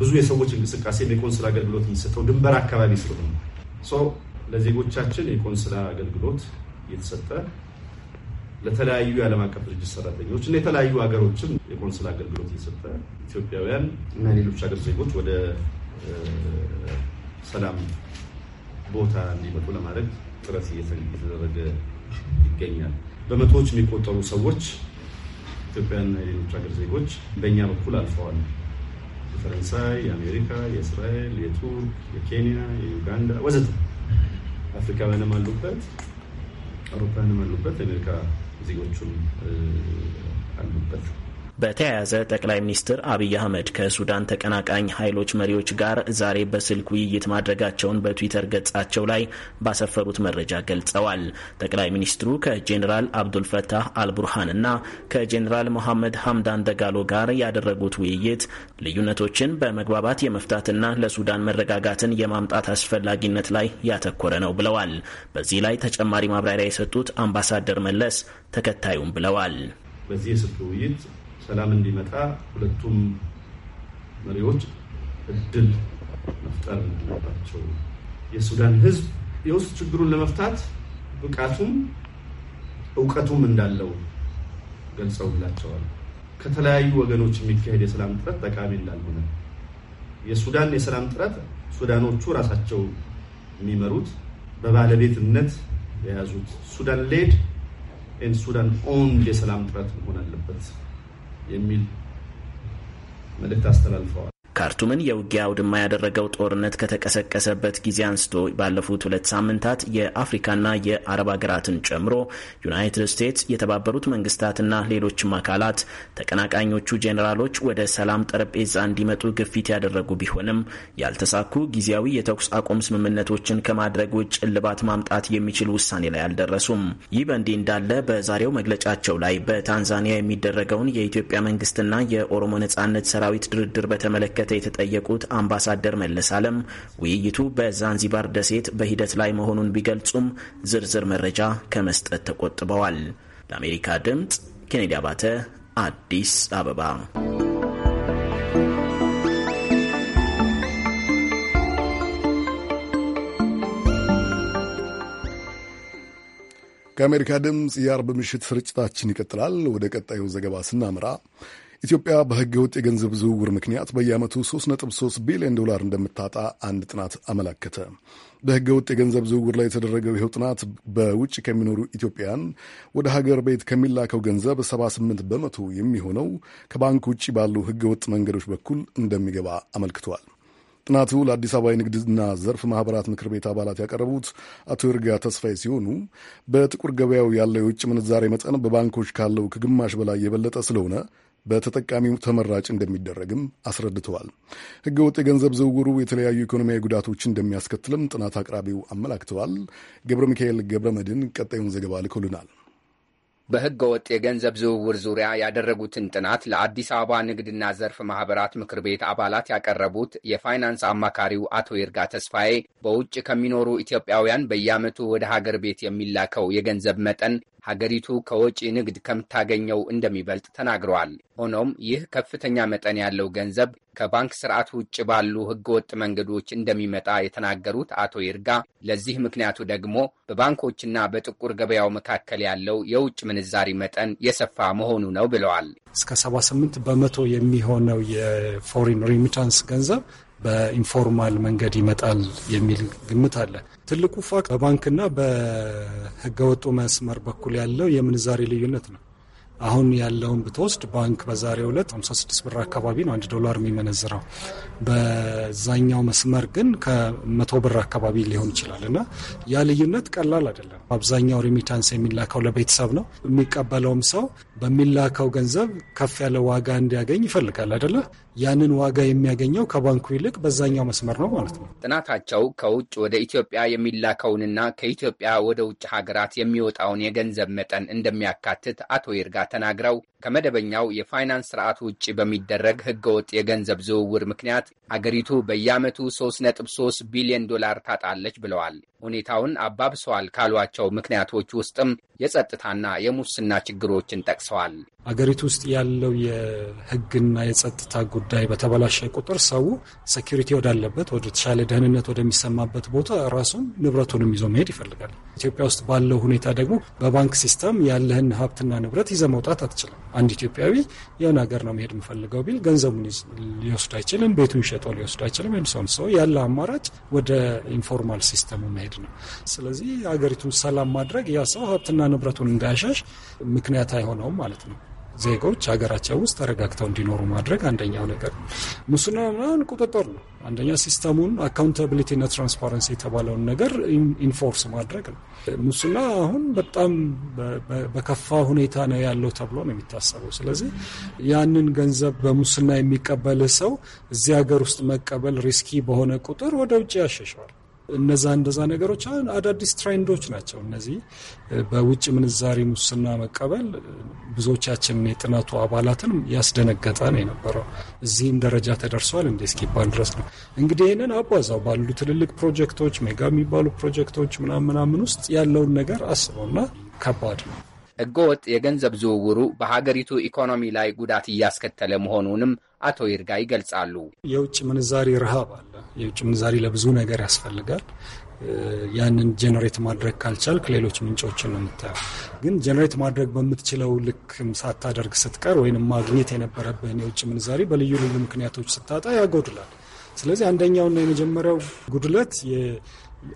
ብዙ የሰዎች እንቅስቃሴ የቆንስላ አገልግሎት የሚሰጠው ድንበር አካባቢ ስለሆነ ለዜጎቻችን የቆንስላ አገልግሎት እየተሰጠ ለተለያዩ የዓለም አቀፍ ድርጅት ሰራተኞች እና የተለያዩ ሀገሮችም የቆንስል አገልግሎት የሰጠ ኢትዮጵያውያን እና ሌሎች ሀገር ዜጎች ወደ ሰላም ቦታ እንዲመጡ ለማድረግ ጥረት እየተደረገ ይገኛል። በመቶዎች የሚቆጠሩ ሰዎች ኢትዮጵያና የሌሎች ሀገር ዜጎች በእኛ በኩል አልፈዋል። የፈረንሳይ፣ የአሜሪካ፣ የእስራኤል፣ የቱርክ፣ የኬንያ፣ የዩጋንዳ ወዘተ አፍሪካውያንም አሉበት፣ አውሮፓውያንም አሉበት፣ የአሜሪካ ዜጎቹም አሉበት። በተያያዘ ጠቅላይ ሚኒስትር አብይ አህመድ ከሱዳን ተቀናቃኝ ኃይሎች መሪዎች ጋር ዛሬ በስልክ ውይይት ማድረጋቸውን በትዊተር ገጻቸው ላይ ባሰፈሩት መረጃ ገልጸዋል። ጠቅላይ ሚኒስትሩ ከጄኔራል አብዱልፈታህ አልቡርሃን እና ከጄኔራል ሞሐመድ ሐምዳን ደጋሎ ጋር ያደረጉት ውይይት ልዩነቶችን በመግባባት የመፍታትና ለሱዳን መረጋጋትን የማምጣት አስፈላጊነት ላይ ያተኮረ ነው ብለዋል። በዚህ ላይ ተጨማሪ ማብራሪያ የሰጡት አምባሳደር መለስ ተከታዩም ብለዋል። በዚህ የስልክ ውይይት ሰላም እንዲመጣ ሁለቱም መሪዎች እድል መፍጠር እንዳለባቸው የሱዳን ህዝብ የውስጥ ችግሩን ለመፍታት ብቃቱም እውቀቱም እንዳለው ገልጸውላቸዋል። ከተለያዩ ወገኖች የሚካሄድ የሰላም ጥረት ጠቃሚ እንዳልሆነ የሱዳን የሰላም ጥረት ሱዳኖቹ ራሳቸው የሚመሩት በባለቤትነት የያዙት ሱዳን ሌድ ኤንድ ሱዳን ኦንድ የሰላም ጥረት መሆን አለበት። የሚል መልእክት አስተላልፈዋል። ካርቱምን የውጊያ አውድማ ያደረገው ጦርነት ከተቀሰቀሰበት ጊዜ አንስቶ ባለፉት ሁለት ሳምንታት የአፍሪካና የአረብ ሀገራትን ጨምሮ ዩናይትድ ስቴትስ፣ የተባበሩት መንግስታትና ሌሎችም አካላት ተቀናቃኞቹ ጄኔራሎች ወደ ሰላም ጠረጴዛ እንዲመጡ ግፊት ያደረጉ ቢሆንም ያልተሳኩ ጊዜያዊ የተኩስ አቁም ስምምነቶችን ከማድረግ ውጭ እልባት ማምጣት የሚችል ውሳኔ ላይ አልደረሱም። ይህ በእንዲህ እንዳለ በዛሬው መግለጫቸው ላይ በታንዛኒያ የሚደረገውን የኢትዮጵያ መንግስትና የኦሮሞ ነጻነት ሰራዊት ድርድር በተመለከተ በተመለከተ የተጠየቁት አምባሳደር መለስ አለም ውይይቱ በዛንዚባር ደሴት በሂደት ላይ መሆኑን ቢገልጹም ዝርዝር መረጃ ከመስጠት ተቆጥበዋል። ለአሜሪካ ድምፅ ኬኔዲ አባተ አዲስ አበባ። ከአሜሪካ ድምፅ የአርብ ምሽት ስርጭታችን ይቀጥላል። ወደ ቀጣዩ ዘገባ ስናምራ ኢትዮጵያ በሕገ ወጥ የገንዘብ ዝውውር ምክንያት በየዓመቱ 3.3 ቢሊዮን ዶላር እንደምታጣ አንድ ጥናት አመላከተ። በሕገ ወጥ የገንዘብ ዝውውር ላይ የተደረገው ይኸው ጥናት በውጭ ከሚኖሩ ኢትዮጵያውያን ወደ ሀገር ቤት ከሚላከው ገንዘብ 78 በመቶ የሚሆነው ከባንክ ውጭ ባሉ ሕገ ወጥ መንገዶች በኩል እንደሚገባ አመልክቷል። ጥናቱ ለአዲስ አበባ የንግድና ዘርፍ ማህበራት ምክር ቤት አባላት ያቀረቡት አቶ ይርጋ ተስፋዬ ሲሆኑ በጥቁር ገበያው ያለው የውጭ ምንዛሬ መጠን በባንኮች ካለው ከግማሽ በላይ የበለጠ ስለሆነ በተጠቃሚው ተመራጭ እንደሚደረግም አስረድተዋል። ህገወጥ የገንዘብ ዝውውሩ የተለያዩ ኢኮኖሚያዊ ጉዳቶች እንደሚያስከትልም ጥናት አቅራቢው አመላክተዋል። ገብረ ሚካኤል ገብረ መድን ቀጣዩን ዘገባ ልኮልናል። በህገ ወጥ የገንዘብ ዝውውር ዙሪያ ያደረጉትን ጥናት ለአዲስ አበባ ንግድና ዘርፍ ማህበራት ምክር ቤት አባላት ያቀረቡት የፋይናንስ አማካሪው አቶ ይርጋ ተስፋዬ በውጭ ከሚኖሩ ኢትዮጵያውያን በየዓመቱ ወደ ሀገር ቤት የሚላከው የገንዘብ መጠን ሀገሪቱ ከወጪ ንግድ ከምታገኘው እንደሚበልጥ ተናግረዋል። ሆኖም ይህ ከፍተኛ መጠን ያለው ገንዘብ ከባንክ ስርዓት ውጭ ባሉ ህገወጥ መንገዶች እንደሚመጣ የተናገሩት አቶ ይርጋ ለዚህ ምክንያቱ ደግሞ በባንኮችና በጥቁር ገበያው መካከል ያለው የውጭ ምንዛሪ መጠን የሰፋ መሆኑ ነው ብለዋል። እስከ 78 በመቶ የሚሆነው የፎሪን ሪሚታንስ ገንዘብ በኢንፎርማል መንገድ ይመጣል የሚል ግምት አለ። ትልቁ ፋክት በባንክና በህገወጡ መስመር በኩል ያለው የምንዛሪ ልዩነት ነው። አሁን ያለውን ብትወስድ ባንክ በዛሬው ዕለት 56 ብር አካባቢ ነው አንድ ዶላር የሚመነዝረው። በዛኛው መስመር ግን ከመቶ ብር አካባቢ ሊሆን ይችላል እና ያ ልዩነት ቀላል አይደለም። አብዛኛው ሪሚታንስ የሚላከው ለቤተሰብ ነው። የሚቀበለውም ሰው በሚላከው ገንዘብ ከፍ ያለ ዋጋ እንዲያገኝ ይፈልጋል አይደለም። ያንን ዋጋ የሚያገኘው ከባንኩ ይልቅ በዛኛው መስመር ነው ማለት ነው። ጥናታቸው ከውጭ ወደ ኢትዮጵያ የሚላከውንና ከኢትዮጵያ ወደ ውጭ ሀገራት የሚወጣውን የገንዘብ መጠን እንደሚያካትት አቶ ይርጋ ተናግረው ከመደበኛው የፋይናንስ ስርዓት ውጭ በሚደረግ ህገወጥ የገንዘብ ዝውውር ምክንያት አገሪቱ በየዓመቱ 3.3 ቢሊዮን ዶላር ታጣለች ብለዋል። ሁኔታውን አባብሰዋል ካሏቸው ምክንያቶች ውስጥም የጸጥታና የሙስና ችግሮችን ጠቅሰዋል። አገሪቱ ውስጥ ያለው የህግና የጸጥታ ጉዳይ በተበላሸ ቁጥር ሰው ሴኪሪቲ ወዳለበት ወደ ተሻለ ደህንነት ወደሚሰማበት ቦታ ራሱን ንብረቱንም ይዞ መሄድ ይፈልጋል። ኢትዮጵያ ውስጥ ባለው ሁኔታ ደግሞ በባንክ ሲስተም ያለህን ሀብትና ንብረት ይዘ መውጣት አትችልም። አንድ ኢትዮጵያዊ የሆነ ሀገር ነው መሄድ የምፈልገው ቢል ገንዘቡን ሊወስድ አይችልም፣ ቤቱን ሸጦ ሊወስድ አይችልም። ወይም ሰውን ሰው ያለ አማራጭ ወደ ኢንፎርማል ሲስተሙ መሄድ ነው። ስለዚህ ሀገሪቱን ሰላም ማድረግ ያ ሰው ሀብትና ንብረቱን እንዳያሻሽ ምክንያት አይሆነውም ማለት ነው። ዜጎች ሀገራቸው ውስጥ ተረጋግተው እንዲኖሩ ማድረግ አንደኛው ነገር። ሙስና ምናምን ቁጥጥር ነው። አንደኛ ሲስተሙን እና ትራንስፓረንሲ የተባለውን ነገር ኢንፎርስ ማድረግ ነው። ሙስና አሁን በጣም በከፋ ሁኔታ ነው ያለው ተብሎ ነው የሚታሰበው። ስለዚህ ያንን ገንዘብ በሙስና የሚቀበል ሰው እዚህ ሀገር ውስጥ መቀበል ሪስኪ በሆነ ቁጥር ወደ ውጭ ያሸሸዋል። እነዛ እንደዛ ነገሮች አሁን አዳዲስ ትሬንዶች ናቸው። እነዚህ በውጭ ምንዛሪ ሙስና መቀበል ብዙዎቻችንን የጥናቱ አባላትን ያስደነገጠ ነው የነበረው። እዚህም ደረጃ ተደርሷል እንደ እስኪባል ድረስ ነው። እንግዲህ ይህንን አቧዛው ባሉ ትልልቅ ፕሮጀክቶች፣ ሜጋ የሚባሉ ፕሮጀክቶች ምናምናምን ውስጥ ያለውን ነገር አስበውና ከባድ ነው። ህገወጥ የገንዘብ ዝውውሩ በሀገሪቱ ኢኮኖሚ ላይ ጉዳት እያስከተለ መሆኑንም አቶ ይርጋ ይገልጻሉ። የውጭ ምንዛሪ ረሃብ አለ። የውጭ ምንዛሪ ለብዙ ነገር ያስፈልጋል። ያንን ጀነሬት ማድረግ ካልቻልክ ሌሎች ምንጮችን ነው የምታየው። ግን ጀነሬት ማድረግ በምትችለው ልክ ሳታደርግ ስትቀር ወይም ማግኘት የነበረብህን የውጭ ምንዛሪ በልዩ ልዩ ምክንያቶች ስታጣ ያጎድላል። ስለዚህ አንደኛውና የመጀመሪያው ጉድለት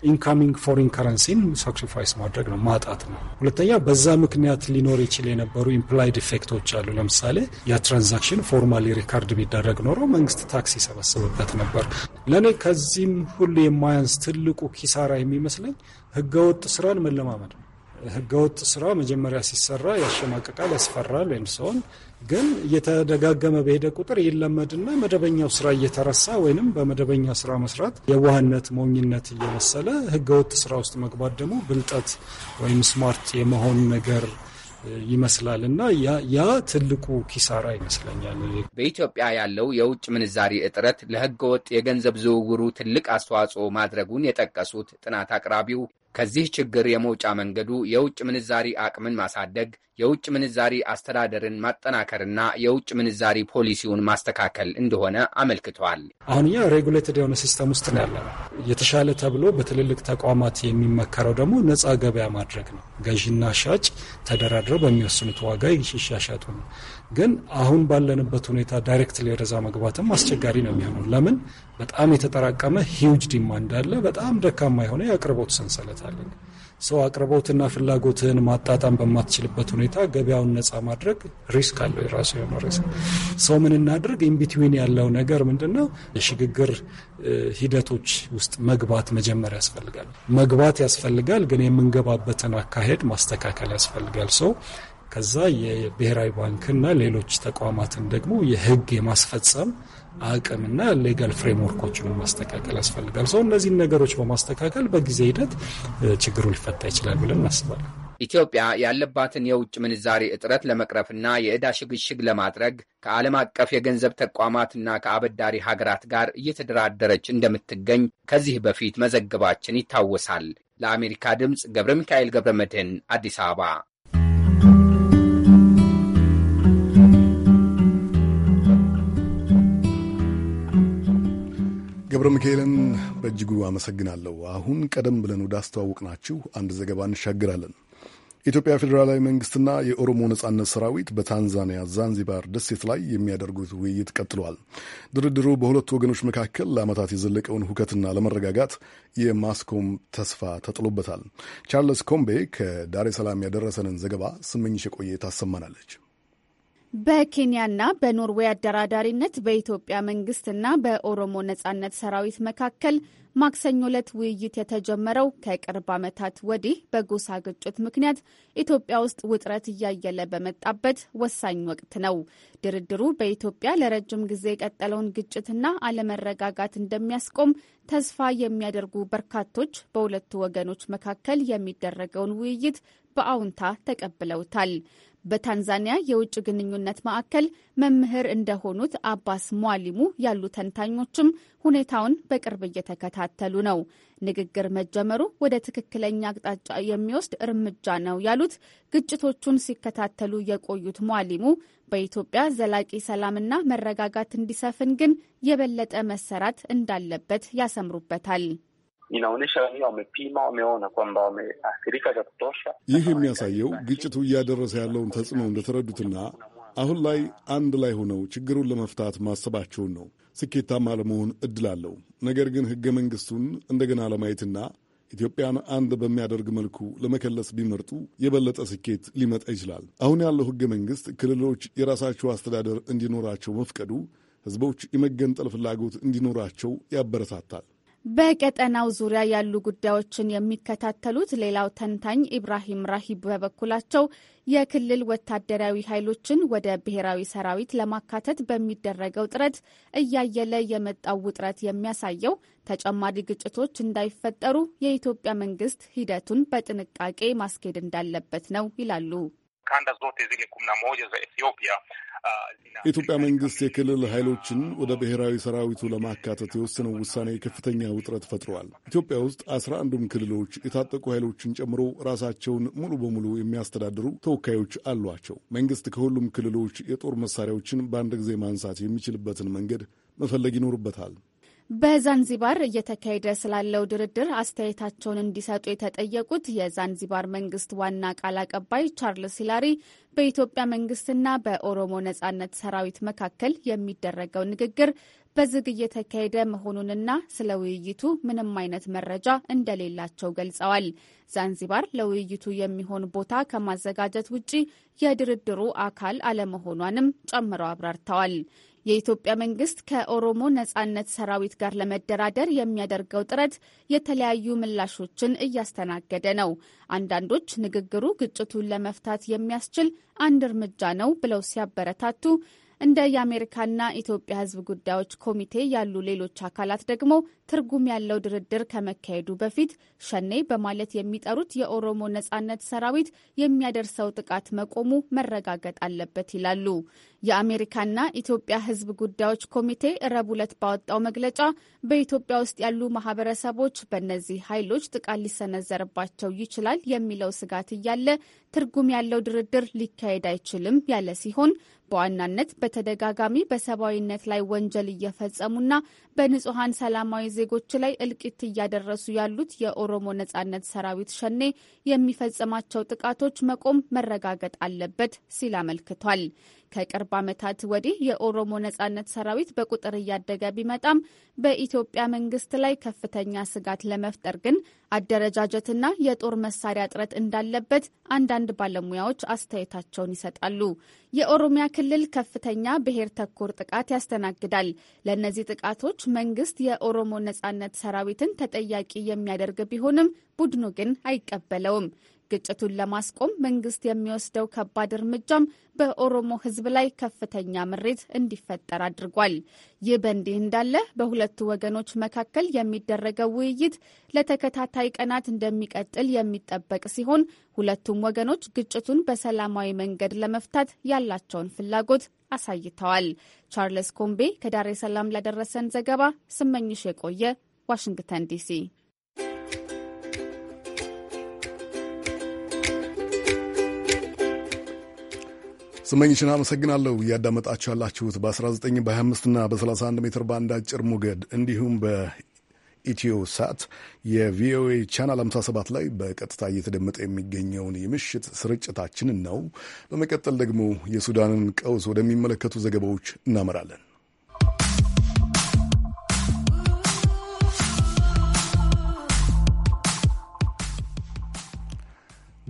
ኢንካሚንግ ፎሪን ከረንሲን ሳክሪፋይስ ማድረግ ነው፣ ማጣት ነው። ሁለተኛ በዛ ምክንያት ሊኖር ይችል የነበሩ ኢምፕላይድ ኢፌክቶች አሉ። ለምሳሌ ያ ትራንዛክሽን ፎርማሊ ሪካርድ ቢደረግ ኖሮ መንግስት ታክስ ይሰበስብበት ነበር። ለእኔ ከዚህም ሁሉ የማያንስ ትልቁ ኪሳራ የሚመስለኝ ህገወጥ ስራን መለማመድ ነው። ህገወጥ ስራ መጀመሪያ ሲሰራ ያሸማቀቃል ያስፈራል ወይም ሰውን ግን እየተደጋገመ በሄደ ቁጥር ይለመድና መደበኛው ስራ እየተረሳ ወይንም በመደበኛ ስራ መስራት የዋህነት፣ ሞኝነት እየመሰለ ህገወጥ ስራ ውስጥ መግባት ደግሞ ብልጠት ወይም ስማርት የመሆን ነገር ይመስላል እና ያ ትልቁ ኪሳራ ይመስለኛል። በኢትዮጵያ ያለው የውጭ ምንዛሪ እጥረት ለህገወጥ የገንዘብ ዝውውሩ ትልቅ አስተዋጽኦ ማድረጉን የጠቀሱት ጥናት አቅራቢው ከዚህ ችግር የመውጫ መንገዱ የውጭ ምንዛሪ አቅምን ማሳደግ፣ የውጭ ምንዛሪ አስተዳደርን ማጠናከርና የውጭ ምንዛሪ ፖሊሲውን ማስተካከል እንደሆነ አመልክተዋል። አሁን ያ ሬጉሌትድ የሆነ ሲስተም ውስጥ ነው ያለነው። የተሻለ ተብሎ በትልልቅ ተቋማት የሚመከረው ደግሞ ነፃ ገበያ ማድረግ ነው። ገዢና ሻጭ ተደራድረው በሚወስኑት ዋጋ ይሻሻጡ ነው። ግን አሁን ባለንበት ሁኔታ ዳይሬክትሊ ወደዛ መግባትም አስቸጋሪ ነው የሚሆነው። ለምን በጣም የተጠራቀመ ሂውጅ ዲማንድ አለ። በጣም ደካማ የሆነ የአቅርቦት ሰንሰለት አለ። ሰው አቅርቦትና ፍላጎትን ማጣጣም በማትችልበት ሁኔታ ገበያውን ነፃ ማድረግ ሪስክ አለው፣ የራሱ የሆነ ሪስክ። ሰው ምን እናድርግ? ኢንቢትዊን ያለው ነገር ምንድን ነው? የሽግግር ሂደቶች ውስጥ መግባት መጀመር ያስፈልጋል። መግባት ያስፈልጋል፣ ግን የምንገባበትን አካሄድ ማስተካከል ያስፈልጋል። ሰው ከዛ የብሔራዊ ባንክና ሌሎች ተቋማትን ደግሞ የህግ የማስፈጸም አቅምና ሌጋል ፍሬምወርኮችን ማስተካከል ያስፈልጋል። ሰው እነዚህን ነገሮች በማስተካከል በጊዜ ሂደት ችግሩ ሊፈታ ይችላል ብለን እናስባለን። ኢትዮጵያ ያለባትን የውጭ ምንዛሬ እጥረት ለመቅረፍና የዕዳ ሽግሽግ ለማድረግ ከዓለም አቀፍ የገንዘብ ተቋማትና ከአበዳሪ ሀገራት ጋር እየተደራደረች እንደምትገኝ ከዚህ በፊት መዘግባችን ይታወሳል። ለአሜሪካ ድምፅ ገብረ ሚካኤል ገብረ መድህን አዲስ አበባ ገብረ ሚካኤልን በእጅጉ አመሰግናለሁ። አሁን ቀደም ብለን ወደ አስተዋወቅናችሁ አንድ ዘገባ እንሻገራለን። የኢትዮጵያ ፌዴራላዊ መንግስትና የኦሮሞ ነጻነት ሰራዊት በታንዛኒያ ዛንዚባር ደሴት ላይ የሚያደርጉት ውይይት ቀጥሏል። ድርድሩ በሁለቱ ወገኖች መካከል ለዓመታት የዘለቀውን ሁከትና ለመረጋጋት የማስኮም ተስፋ ተጥሎበታል። ቻርለስ ኮምቤ ከዳሬ ሰላም ያደረሰንን ዘገባ ስመኝሽ የቆየ ታሰማናለች። በኬንያና በኖርዌይ አደራዳሪነት በኢትዮጵያ መንግስትና በኦሮሞ ነጻነት ሰራዊት መካከል ማክሰኞ ዕለት ውይይት የተጀመረው ከቅርብ ዓመታት ወዲህ በጎሳ ግጭት ምክንያት ኢትዮጵያ ውስጥ ውጥረት እያየለ በመጣበት ወሳኝ ወቅት ነው። ድርድሩ በኢትዮጵያ ለረጅም ጊዜ የቀጠለውን ግጭትና አለመረጋጋት እንደሚያስቆም ተስፋ የሚያደርጉ በርካቶች በሁለቱ ወገኖች መካከል የሚደረገውን ውይይት በአውንታ ተቀብለውታል። በታንዛኒያ የውጭ ግንኙነት ማዕከል መምህር እንደሆኑት አባስ ሟሊሙ ያሉ ተንታኞችም ሁኔታውን በቅርብ እየተከታተሉ ነው። ንግግር መጀመሩ ወደ ትክክለኛ አቅጣጫ የሚወስድ እርምጃ ነው ያሉት ግጭቶቹን ሲከታተሉ የቆዩት ሟሊሙ በኢትዮጵያ ዘላቂ ሰላምና መረጋጋት እንዲሰፍን ግን የበለጠ መሰራት እንዳለበት ያሰምሩበታል። inaonyesha wenyewe wamepima, wameona kwamba wameathirika vya kutosha. Yih yih የሚያሳየው ግጭቱ እያደረሰ ያለውን ተጽዕኖ እንደተረዱትና አሁን ላይ አንድ ላይ ሆነው ችግሩን ለመፍታት ማሰባቸውን ነው። ስኬታማ ለመሆን እድል አለው። ነገር ግን ህገ መንግስቱን እንደገና ለማየትና ኢትዮጵያን አንድ በሚያደርግ መልኩ ለመከለስ ቢመርጡ የበለጠ ስኬት ሊመጣ ይችላል። አሁን ያለው ህገ መንግሥት ክልሎች የራሳቸው አስተዳደር እንዲኖራቸው መፍቀዱ ህዝቦች የመገንጠል ፍላጎት እንዲኖራቸው ያበረታታል። በቀጠናው ዙሪያ ያሉ ጉዳዮችን የሚከታተሉት ሌላው ተንታኝ ኢብራሂም ራሂብ በበኩላቸው የክልል ወታደራዊ ኃይሎችን ወደ ብሔራዊ ሰራዊት ለማካተት በሚደረገው ጥረት እያየለ የመጣው ውጥረት የሚያሳየው ተጨማሪ ግጭቶች እንዳይፈጠሩ የኢትዮጵያ መንግስት ሂደቱን በጥንቃቄ ማስኬድ እንዳለበት ነው ይላሉ። የኢትዮጵያ መንግስት የክልል ኃይሎችን ወደ ብሔራዊ ሰራዊቱ ለማካተት የወሰነው ውሳኔ ከፍተኛ ውጥረት ፈጥሯል። ኢትዮጵያ ውስጥ አስራ አንዱም ክልሎች የታጠቁ ኃይሎችን ጨምሮ ራሳቸውን ሙሉ በሙሉ የሚያስተዳድሩ ተወካዮች አሏቸው። መንግስት ከሁሉም ክልሎች የጦር መሳሪያዎችን በአንድ ጊዜ ማንሳት የሚችልበትን መንገድ መፈለግ ይኖርበታል። በዛንዚባር እየተካሄደ ስላለው ድርድር አስተያየታቸውን እንዲሰጡ የተጠየቁት የዛንዚባር መንግስት ዋና ቃል አቀባይ ቻርልስ ሂላሪ በኢትዮጵያ መንግስትና በኦሮሞ ነጻነት ሰራዊት መካከል የሚደረገው ንግግር በዝግ እየተካሄደ መሆኑንና ስለ ውይይቱ ምንም አይነት መረጃ እንደሌላቸው ገልጸዋል። ዛንዚባር ለውይይቱ የሚሆን ቦታ ከማዘጋጀት ውጪ የድርድሩ አካል አለመሆኗንም ጨምረው አብራርተዋል። የኢትዮጵያ መንግስት ከኦሮሞ ነጻነት ሰራዊት ጋር ለመደራደር የሚያደርገው ጥረት የተለያዩ ምላሾችን እያስተናገደ ነው። አንዳንዶች ንግግሩ ግጭቱን ለመፍታት የሚያስችል አንድ እርምጃ ነው ብለው ሲያበረታቱ፣ እንደ የአሜሪካና ኢትዮጵያ ሕዝብ ጉዳዮች ኮሚቴ ያሉ ሌሎች አካላት ደግሞ ትርጉም ያለው ድርድር ከመካሄዱ በፊት ሸኔ በማለት የሚጠሩት የኦሮሞ ነጻነት ሰራዊት የሚያደርሰው ጥቃት መቆሙ መረጋገጥ አለበት ይላሉ። የአሜሪካና ኢትዮጵያ ሕዝብ ጉዳዮች ኮሚቴ ረቡዕ ዕለት ባወጣው መግለጫ በኢትዮጵያ ውስጥ ያሉ ማህበረሰቦች በእነዚህ ኃይሎች ጥቃት ሊሰነዘርባቸው ይችላል የሚለው ስጋት እያለ ትርጉም ያለው ድርድር ሊካሄድ አይችልም ያለ ሲሆን በዋናነት በተደጋጋሚ በሰብአዊነት ላይ ወንጀል እየፈጸሙና በንጹሐን ሰላማዊ ዜጎች ላይ እልቂት እያደረሱ ያሉት የኦሮሞ ነጻነት ሰራዊት ሸኔ የሚፈጽማቸው ጥቃቶች መቆም መረጋገጥ አለበት ሲል አመልክቷል። ከቅርብ ዓመታት ወዲህ የኦሮሞ ነጻነት ሰራዊት በቁጥር እያደገ ቢመጣም በኢትዮጵያ መንግስት ላይ ከፍተኛ ስጋት ለመፍጠር ግን አደረጃጀትና የጦር መሳሪያ እጥረት እንዳለበት አንዳንድ ባለሙያዎች አስተያየታቸውን ይሰጣሉ። የኦሮሚያ ክልል ከፍተኛ ብሔር ተኮር ጥቃት ያስተናግዳል። ለእነዚህ ጥቃቶች መንግስት የኦሮሞ ነጻነት ሰራዊትን ተጠያቂ የሚያደርግ ቢሆንም ቡድኑ ግን አይቀበለውም። ግጭቱን ለማስቆም መንግስት የሚወስደው ከባድ እርምጃም በኦሮሞ ሕዝብ ላይ ከፍተኛ ምሬት እንዲፈጠር አድርጓል። ይህ በእንዲህ እንዳለ በሁለቱ ወገኖች መካከል የሚደረገው ውይይት ለተከታታይ ቀናት እንደሚቀጥል የሚጠበቅ ሲሆን ሁለቱም ወገኖች ግጭቱን በሰላማዊ መንገድ ለመፍታት ያላቸውን ፍላጎት አሳይተዋል። ቻርልስ ኮምቤ ከዳሬ ሰላም ለደረሰን ዘገባ ስመኝሽ የቆየ ዋሽንግተን ዲሲ ስመኝሽን አመሰግናለሁ። እያዳመጣችሁ ያላችሁት በ19 በ25 እና በ31 ሜትር ባንድ አጭር ሞገድ እንዲሁም በኢትዮ ሳት የቪኦኤ ቻናል 57 ላይ በቀጥታ እየተደመጠ የሚገኘውን የምሽት ስርጭታችንን ነው። በመቀጠል ደግሞ የሱዳንን ቀውስ ወደሚመለከቱ ዘገባዎች እናመራለን።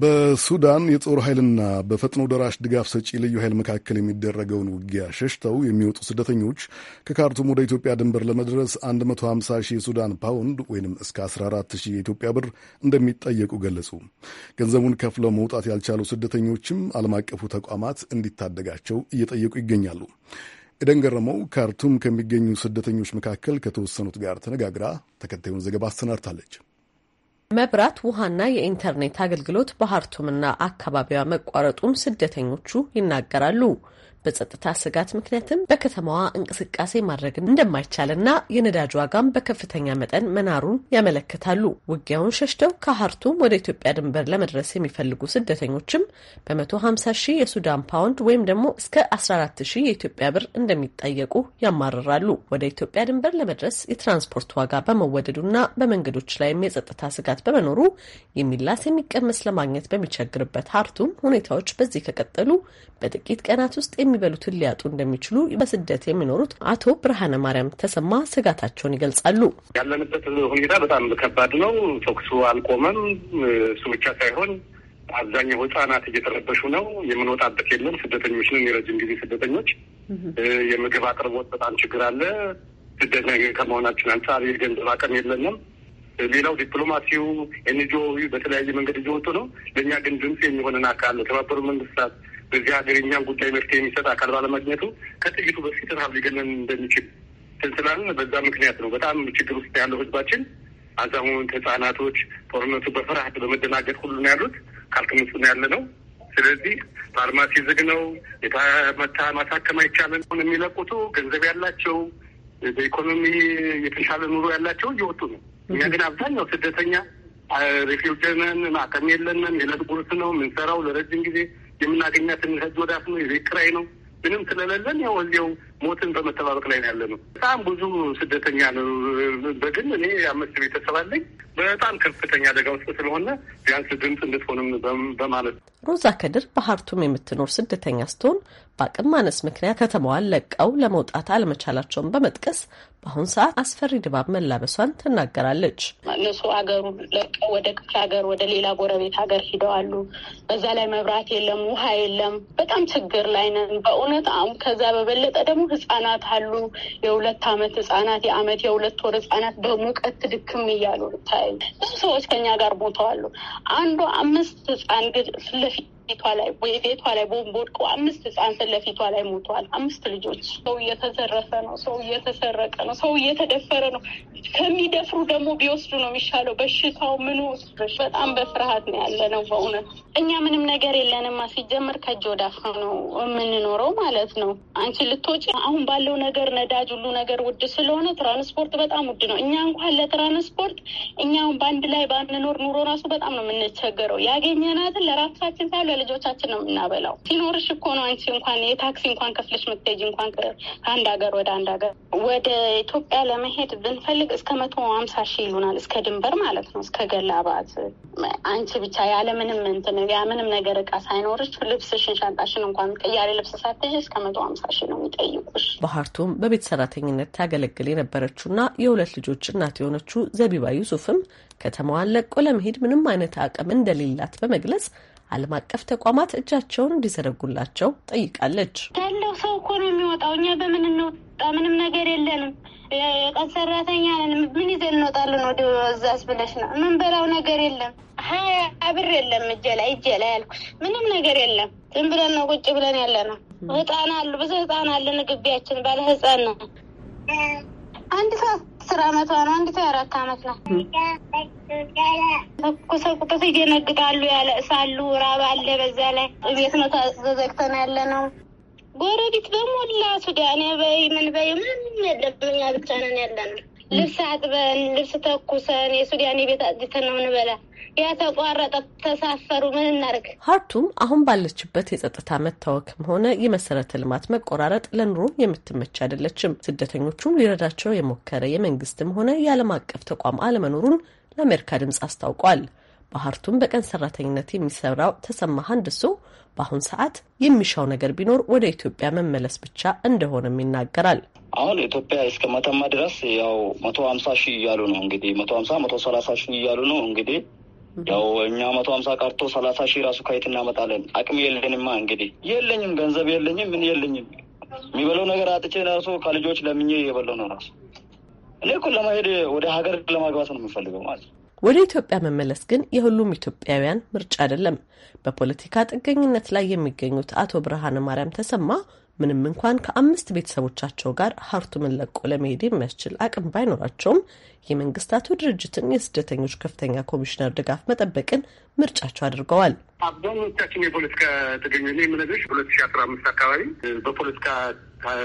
በሱዳን የጦር ኃይልና በፈጥኖ ደራሽ ድጋፍ ሰጪ ልዩ ኃይል መካከል የሚደረገውን ውጊያ ሸሽተው የሚወጡ ስደተኞች ከካርቱም ወደ ኢትዮጵያ ድንበር ለመድረስ 150 ሺህ የሱዳን ፓውንድ ወይም እስከ 14 ሺህ የኢትዮጵያ ብር እንደሚጠየቁ ገለጹ። ገንዘቡን ከፍለው መውጣት ያልቻሉ ስደተኞችም ዓለም አቀፉ ተቋማት እንዲታደጋቸው እየጠየቁ ይገኛሉ። ኤደን ገረመው ካርቱም ከሚገኙ ስደተኞች መካከል ከተወሰኑት ጋር ተነጋግራ ተከታዩን ዘገባ አሰናድታለች። መብራት፣ ውሃና የኢንተርኔት አገልግሎት በሀርቱምና አካባቢዋ መቋረጡን ስደተኞቹ ይናገራሉ። በጸጥታ ስጋት ምክንያትም በከተማዋ እንቅስቃሴ ማድረግ እንደማይቻልና የነዳጅ ዋጋም በከፍተኛ መጠን መናሩን ያመለክታሉ። ውጊያውን ሸሽተው ከሀርቱም ወደ ኢትዮጵያ ድንበር ለመድረስ የሚፈልጉ ስደተኞችም በ150 ሺህ የሱዳን ፓውንድ ወይም ደግሞ እስከ 14 ሺህ የኢትዮጵያ ብር እንደሚጠየቁ ያማርራሉ። ወደ ኢትዮጵያ ድንበር ለመድረስ የትራንስፖርት ዋጋ በመወደዱና በመንገዶች ላይም የጸጥታ ስጋት በመኖሩ የሚላስ የሚቀመስ ለማግኘት በሚቸግርበት ሀርቱም ሁኔታዎች በዚህ ከቀጠሉ በጥቂት ቀናት ውስጥ የሚበሉትን ሊያጡ እንደሚችሉ በስደት የሚኖሩት አቶ ብርሃነ ማርያም ተሰማ ስጋታቸውን ይገልጻሉ። ያለንበት ሁኔታ በጣም ከባድ ነው። ተኩሱ አልቆመም። እሱ ብቻ ሳይሆን አብዛኛው ህጻናት እየተረበሹ ነው። የምንወጣበት የለም። ስደተኞች ነን፣ የረጅም ጊዜ ስደተኞች። የምግብ አቅርቦት በጣም ችግር አለ። ስደተኛ ከመሆናችን አንጻር የገንዘብ አቅም የለንም። ሌላው ዲፕሎማሲው፣ ኤንጂኦ በተለያየ መንገድ እየወጡ ነው። ለእኛ ግን ድምፅ የሚሆንን አካል የተባበሩት መንግስታት በዚህ ሀገር የእኛን ጉዳይ መፍትሄ የሚሰጥ አካል ባለማግኘቱ ከጥይቱ በፊት ረሀብ ሊገነን እንደሚችል ስንስላለን በዛ ምክንያት ነው በጣም ችግር ውስጥ ያለው ህዝባችን። አዛውንት፣ ህጻናቶች ጦርነቱ በፍርሃት በመደናገጥ ሁሉ ነው ያሉት። ካልክም ነው ያለ ነው። ስለዚህ ፋርማሲ ዝግ ነው፣ የመታ ማታከም አይቻለን። የሚለቁቱ ገንዘብ ያላቸው በኢኮኖሚ የተሻለ ኑሮ ያላቸው እየወጡ ነው። እኛ ግን አብዛኛው ስደተኛ ሪፊውጅነን ማዕከም የለንም። የዕለት ጉርስ ነው የምንሰራው ለረጅም ጊዜ የምናገኛትን ህዝብ ወዳት ነው የቤት ኪራይ ነው ምንም ስለሌለን ያው እዚያው ሞትን በመጠባበቅ ላይ ያለ ነው። በጣም ብዙ ስደተኛ ነው። በግን እኔ አምስት ቤተሰብ አለኝ። በጣም ከፍተኛ አደጋ ውስጥ ስለሆነ ቢያንስ ድምፅ እንድትሆንም በማለት ሮዛ ከድር በሀርቱም የምትኖር ስደተኛ ስትሆን በአቅም ማነስ ምክንያት ከተማዋን ለቀው ለመውጣት አለመቻላቸውን በመጥቀስ በአሁን ሰዓት አስፈሪ ድባብ መላበሷን ትናገራለች። እነሱ አገሩ ለቀው ወደ ክፍለ ሀገር፣ ወደ ሌላ ጎረቤት ሀገር ሂደዋሉ። በዛ ላይ መብራት የለም፣ ውሃ የለም። በጣም ችግር ላይ ነን በእውነት አሁን። ከዛ በበለጠ ደግሞ ህጻናት አሉ። የሁለት አመት ህጻናት፣ የአመት የሁለት ወር ህጻናት በሙቀት ድክም እያሉ ታይ ብዙ ሰዎች ከኛ ጋር ቦተዋሉ። አንዱ አምስት ህጻን ፊት ለፊት ፊቷ ላይ ቤቷ ላይ ቦምብ ወድቆ አምስት ህፃን ፊት ለፊቷ ላይ ሞቷል። አምስት ልጆች። ሰው እየተዘረፈ ነው። ሰው እየተሰረቀ ነው። ሰው እየተደፈረ ነው። ከሚደፍሩ ደግሞ ቢወስዱ ነው የሚሻለው። በሽታው ምኑ በጣም በፍርሃት ነው ያለ ነው። በእውነት እኛ ምንም ነገር የለንማ። ሲጀመር ከእጅ ወደ አፍ ነው የምንኖረው ማለት ነው። አንቺ ልትወጪ አሁን ባለው ነገር ነዳጅ፣ ሁሉ ነገር ውድ ስለሆነ ትራንስፖርት በጣም ውድ ነው። እኛ እንኳን ለትራንስፖርት እኛ አሁን በአንድ ላይ ባንኖር ኑሮ ራሱ በጣም ነው የምንቸገረው። ያገኘናትን ለራሳችን ሳይሆን ልጆቻችን ነው የምናበላው። ሲኖርሽ እኮ ነው አንቺ እንኳን የታክሲ እንኳን ከፍለሽ የምትሄጂ እንኳን ከአንድ ሀገር ወደ አንድ ሀገር። ወደ ኢትዮጵያ ለመሄድ ብንፈልግ እስከ መቶ ሀምሳ ሺህ ይሉናል፣ እስከ ድንበር ማለት ነው፣ እስከ ገላባት። አንቺ ብቻ ያለምንም እንትን ያምንም ነገር እቃ ሳይኖርሽ ልብስሽን፣ ሻንጣሽን እንኳን ቅያሬ ልብስ ሳትሽ እስከ መቶ ሀምሳ ሺህ ነው የሚጠይቁሽ። በሀርቱም በቤት ሰራተኝነት ታገለግል የነበረችውና የሁለት ልጆች እናት የሆነችው ዘቢባ ዩሱፍም ከተማዋን ለቆ ለመሄድ ምንም አይነት አቅም እንደሌላት በመግለጽ ዓለም አቀፍ ተቋማት እጃቸውን እንዲዘረጉላቸው ጠይቃለች። ያለው ሰው እኮ ነው የሚወጣው። እኛ በምን እንወጣ? ምንም ነገር የለንም። የቀን ሰራተኛ ምን ይዘን እንወጣለን? ወደ እዛስ ብለሽ ነው የምንበላው ነገር የለም። ሀያ ብር የለም እጄ ላይ እጄ ላይ ያልኩሽ ምንም ነገር የለም። ዝም ብለን ነው ቁጭ ብለን ያለ ነው። ህፃን አሉ ብዙ ህፃን አለ ንግቢያችን ባለ ህፃን ነው አንድ ሰው አስር አመቷ ነው። አንዲቷ የአራት አመት ነው። ተኩሰ ቁጥት ይደነግጣሉ፣ ያለቅሳሉ። ራብ አለ። በዛ ላይ ቤት ነው ተዘግተን ያለ ነው። ጎረቤት በሞላ ሱዳን በይ ምን በይ ምንም የለም። እኛ ብቻ ነን ያለ ነው። ልብስ አጥበን ልብስ ተኩሰን የሱዳን ቤት አጥተን ነው እንበላ የተቋረጠ ተሳፈሩ ምን እናርግ? ሀርቱም አሁን ባለችበት የጸጥታ መታወክም ሆነ የመሰረተ ልማት መቆራረጥ ለኑሮ የምትመች አይደለችም። ስደተኞቹም ሊረዳቸው የሞከረ የመንግስትም ሆነ የዓለም አቀፍ ተቋም አለመኖሩን ለአሜሪካ ድምፅ አስታውቋል። በሀርቱም በቀን ሰራተኝነት የሚሰራው ተሰማ ሀንድሶ በአሁን ሰዓት የሚሻው ነገር ቢኖር ወደ ኢትዮጵያ መመለስ ብቻ እንደሆነም ይናገራል። አሁን ኢትዮጵያ እስከ መተማ ድረስ ያው መቶ ሀምሳ ሺህ እያሉ ነው እንግዲህ መቶ ሀምሳ መቶ ሰላሳ ሺህ እያሉ ነው እንግዲህ ያው እኛ መቶ ሀምሳ ቀርቶ ሰላሳ ሺህ ራሱ ከየት እናመጣለን? አቅም የለንማ። እንግዲህ የለኝም፣ ገንዘብ የለኝም፣ ምን የለኝም። የሚበለው ነገር አጥቼ ራሱ ከልጆች ለምኜ የበለው ነው ራሱ። እኔ እኮ ለመሄድ ወደ ሀገር ለማግባት ነው የምፈልገው ማለት ነው። ወደ ኢትዮጵያ መመለስ ግን የሁሉም ኢትዮጵያውያን ምርጫ አይደለም። በፖለቲካ ጥገኝነት ላይ የሚገኙት አቶ ብርሃነ ማርያም ተሰማ ምንም እንኳን ከአምስት ቤተሰቦቻቸው ጋር ሀርቱምን ለቆ ለመሄድ የሚያስችል አቅም ባይኖራቸውም የመንግስታቱ ድርጅትን የስደተኞች ከፍተኛ ኮሚሽነር ድጋፍ መጠበቅን ምርጫቸው አድርገዋል። አብዛኞቻችን የፖለቲካ ተገኘ ነ የምነግርሽ ሁለት ሺ አስራ አምስት አካባቢ በፖለቲካ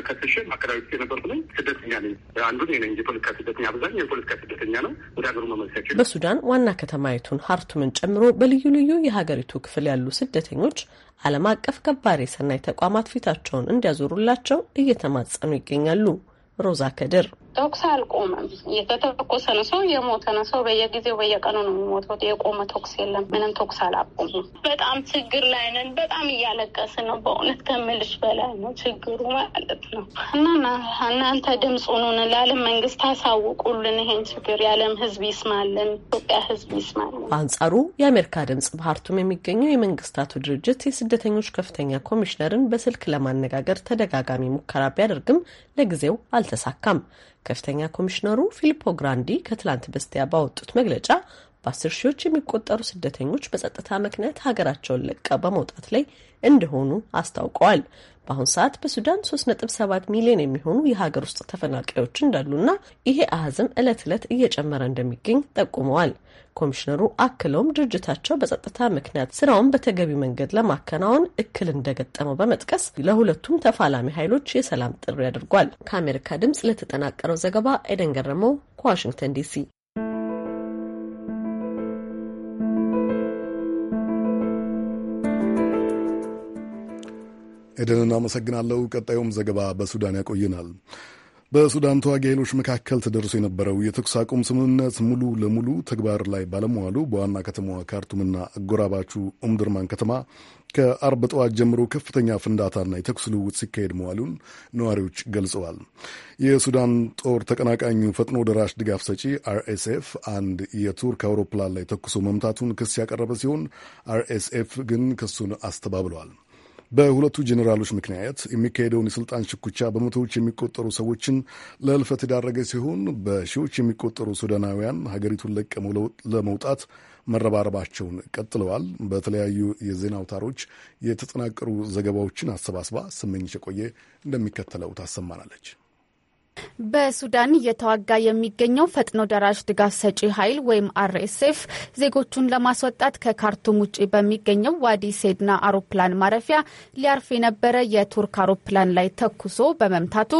ከስሽ ማከራዊት የነበርኩ ነኝ። ስደተኛ ነኝ። አንዱ ነ የፖለቲካ ስደተኛ አብዛኛው የፖለቲካ ስደተኛ ነው። ወደ ሀገሩ መመለሳቸው በሱዳን ዋና ከተማይቱን ሀርቱምን ጨምሮ በልዩ ልዩ የሀገሪቱ ክፍል ያሉ ስደተኞች ዓለም አቀፍ ገባሬ ሰናይ ተቋማት ፊታቸውን እንዲያዞሩላቸው እየተማጸኑ ይገኛሉ። ሮዛ ከድር ተኩስ አልቆመም። የተተኮሰ ነው ሰው የሞተ ነው ሰው በየጊዜው በየቀኑ ነው የሚሞተው። የቆመ ተኩስ የለም። ምንም ተኩስ አላቆሙም። በጣም ችግር ላይ ነን። በጣም እያለቀስ ነው። በእውነት ከምልሽ በላይ ነው ችግሩ ማለት ነው። እና እናንተ ድምፅ ኑን ለዓለም መንግስት አሳውቁልን። ይሄን ችግር የዓለም ህዝብ ይስማልን፣ ኢትዮጵያ ህዝብ ይስማልን። በአንጻሩ የአሜሪካ ድምፅ በሀርቱም የሚገኘው የመንግስታቱ ድርጅት የስደተኞች ከፍተኛ ኮሚሽነርን በስልክ ለማነጋገር ተደጋጋሚ ሙከራ ቢያደርግም ለጊዜው አልተሳካም። ከፍተኛ ኮሚሽነሩ ፊሊፖ ግራንዲ ከትላንት በስቲያ ባወጡት መግለጫ በአስር ሺዎች የሚቆጠሩ ስደተኞች በጸጥታ ምክንያት ሀገራቸውን ለቃ በመውጣት ላይ እንደሆኑ አስታውቀዋል። በአሁን ሰዓት በሱዳን 3.7 ሚሊዮን የሚሆኑ የሀገር ውስጥ ተፈናቃዮች እንዳሉና ይሄ አሃዝም ዕለት ዕለት እየጨመረ እንደሚገኝ ጠቁመዋል። ኮሚሽነሩ አክለውም ድርጅታቸው በጸጥታ ምክንያት ስራውን በተገቢ መንገድ ለማከናወን እክል እንደገጠመው በመጥቀስ ለሁለቱም ተፋላሚ ኃይሎች የሰላም ጥሪ አድርጓል። ከአሜሪካ ድምጽ ለተጠናቀረው ዘገባ ኤደን ገረመው ከዋሽንግተን ዲሲ። ኤደን እናመሰግናለሁ። ቀጣዩም ዘገባ በሱዳን ያቆየናል። በሱዳን ተዋጊ ኃይሎች መካከል ተደርሶ የነበረው የተኩስ አቁም ስምምነት ሙሉ ለሙሉ ተግባር ላይ ባለመዋሉ በዋና ከተማዋ ካርቱምና አጎራባቹ ኡምድርማን ከተማ ከአርብ ጠዋት ጀምሮ ከፍተኛ ፍንዳታና የተኩስ ልውውጥ ሲካሄድ መዋሉን ነዋሪዎች ገልጸዋል። የሱዳን ጦር ተቀናቃኙ ፈጥኖ ደራሽ ድጋፍ ሰጪ አርኤስኤፍ አንድ የቱርክ አውሮፕላን ላይ ተኩሶ መምታቱን ክስ ያቀረበ ሲሆን አርኤስኤፍ ግን ክሱን አስተባብለዋል። በሁለቱ ጄኔራሎች ምክንያት የሚካሄደውን የስልጣን ሽኩቻ በመቶዎች የሚቆጠሩ ሰዎችን ለእልፈት የዳረገ ሲሆን በሺዎች የሚቆጠሩ ሱዳናውያን ሀገሪቱን ለቀመው ለመውጣት መረባረባቸውን ቀጥለዋል። በተለያዩ የዜና አውታሮች የተጠናቀሩ ዘገባዎችን አሰባስባ ስመኝሽ የቆየ እንደሚከተለው ታሰማናለች። በሱዳን እየተዋጋ የሚገኘው ፈጥኖ ደራሽ ድጋፍ ሰጪ ኃይል ወይም አርኤስኤፍ ዜጎቹን ለማስወጣት ከካርቱም ውጭ በሚገኘው ዋዲ ሴድና አውሮፕላን ማረፊያ ሊያርፍ የነበረ የቱርክ አውሮፕላን ላይ ተኩሶ በመምታቱ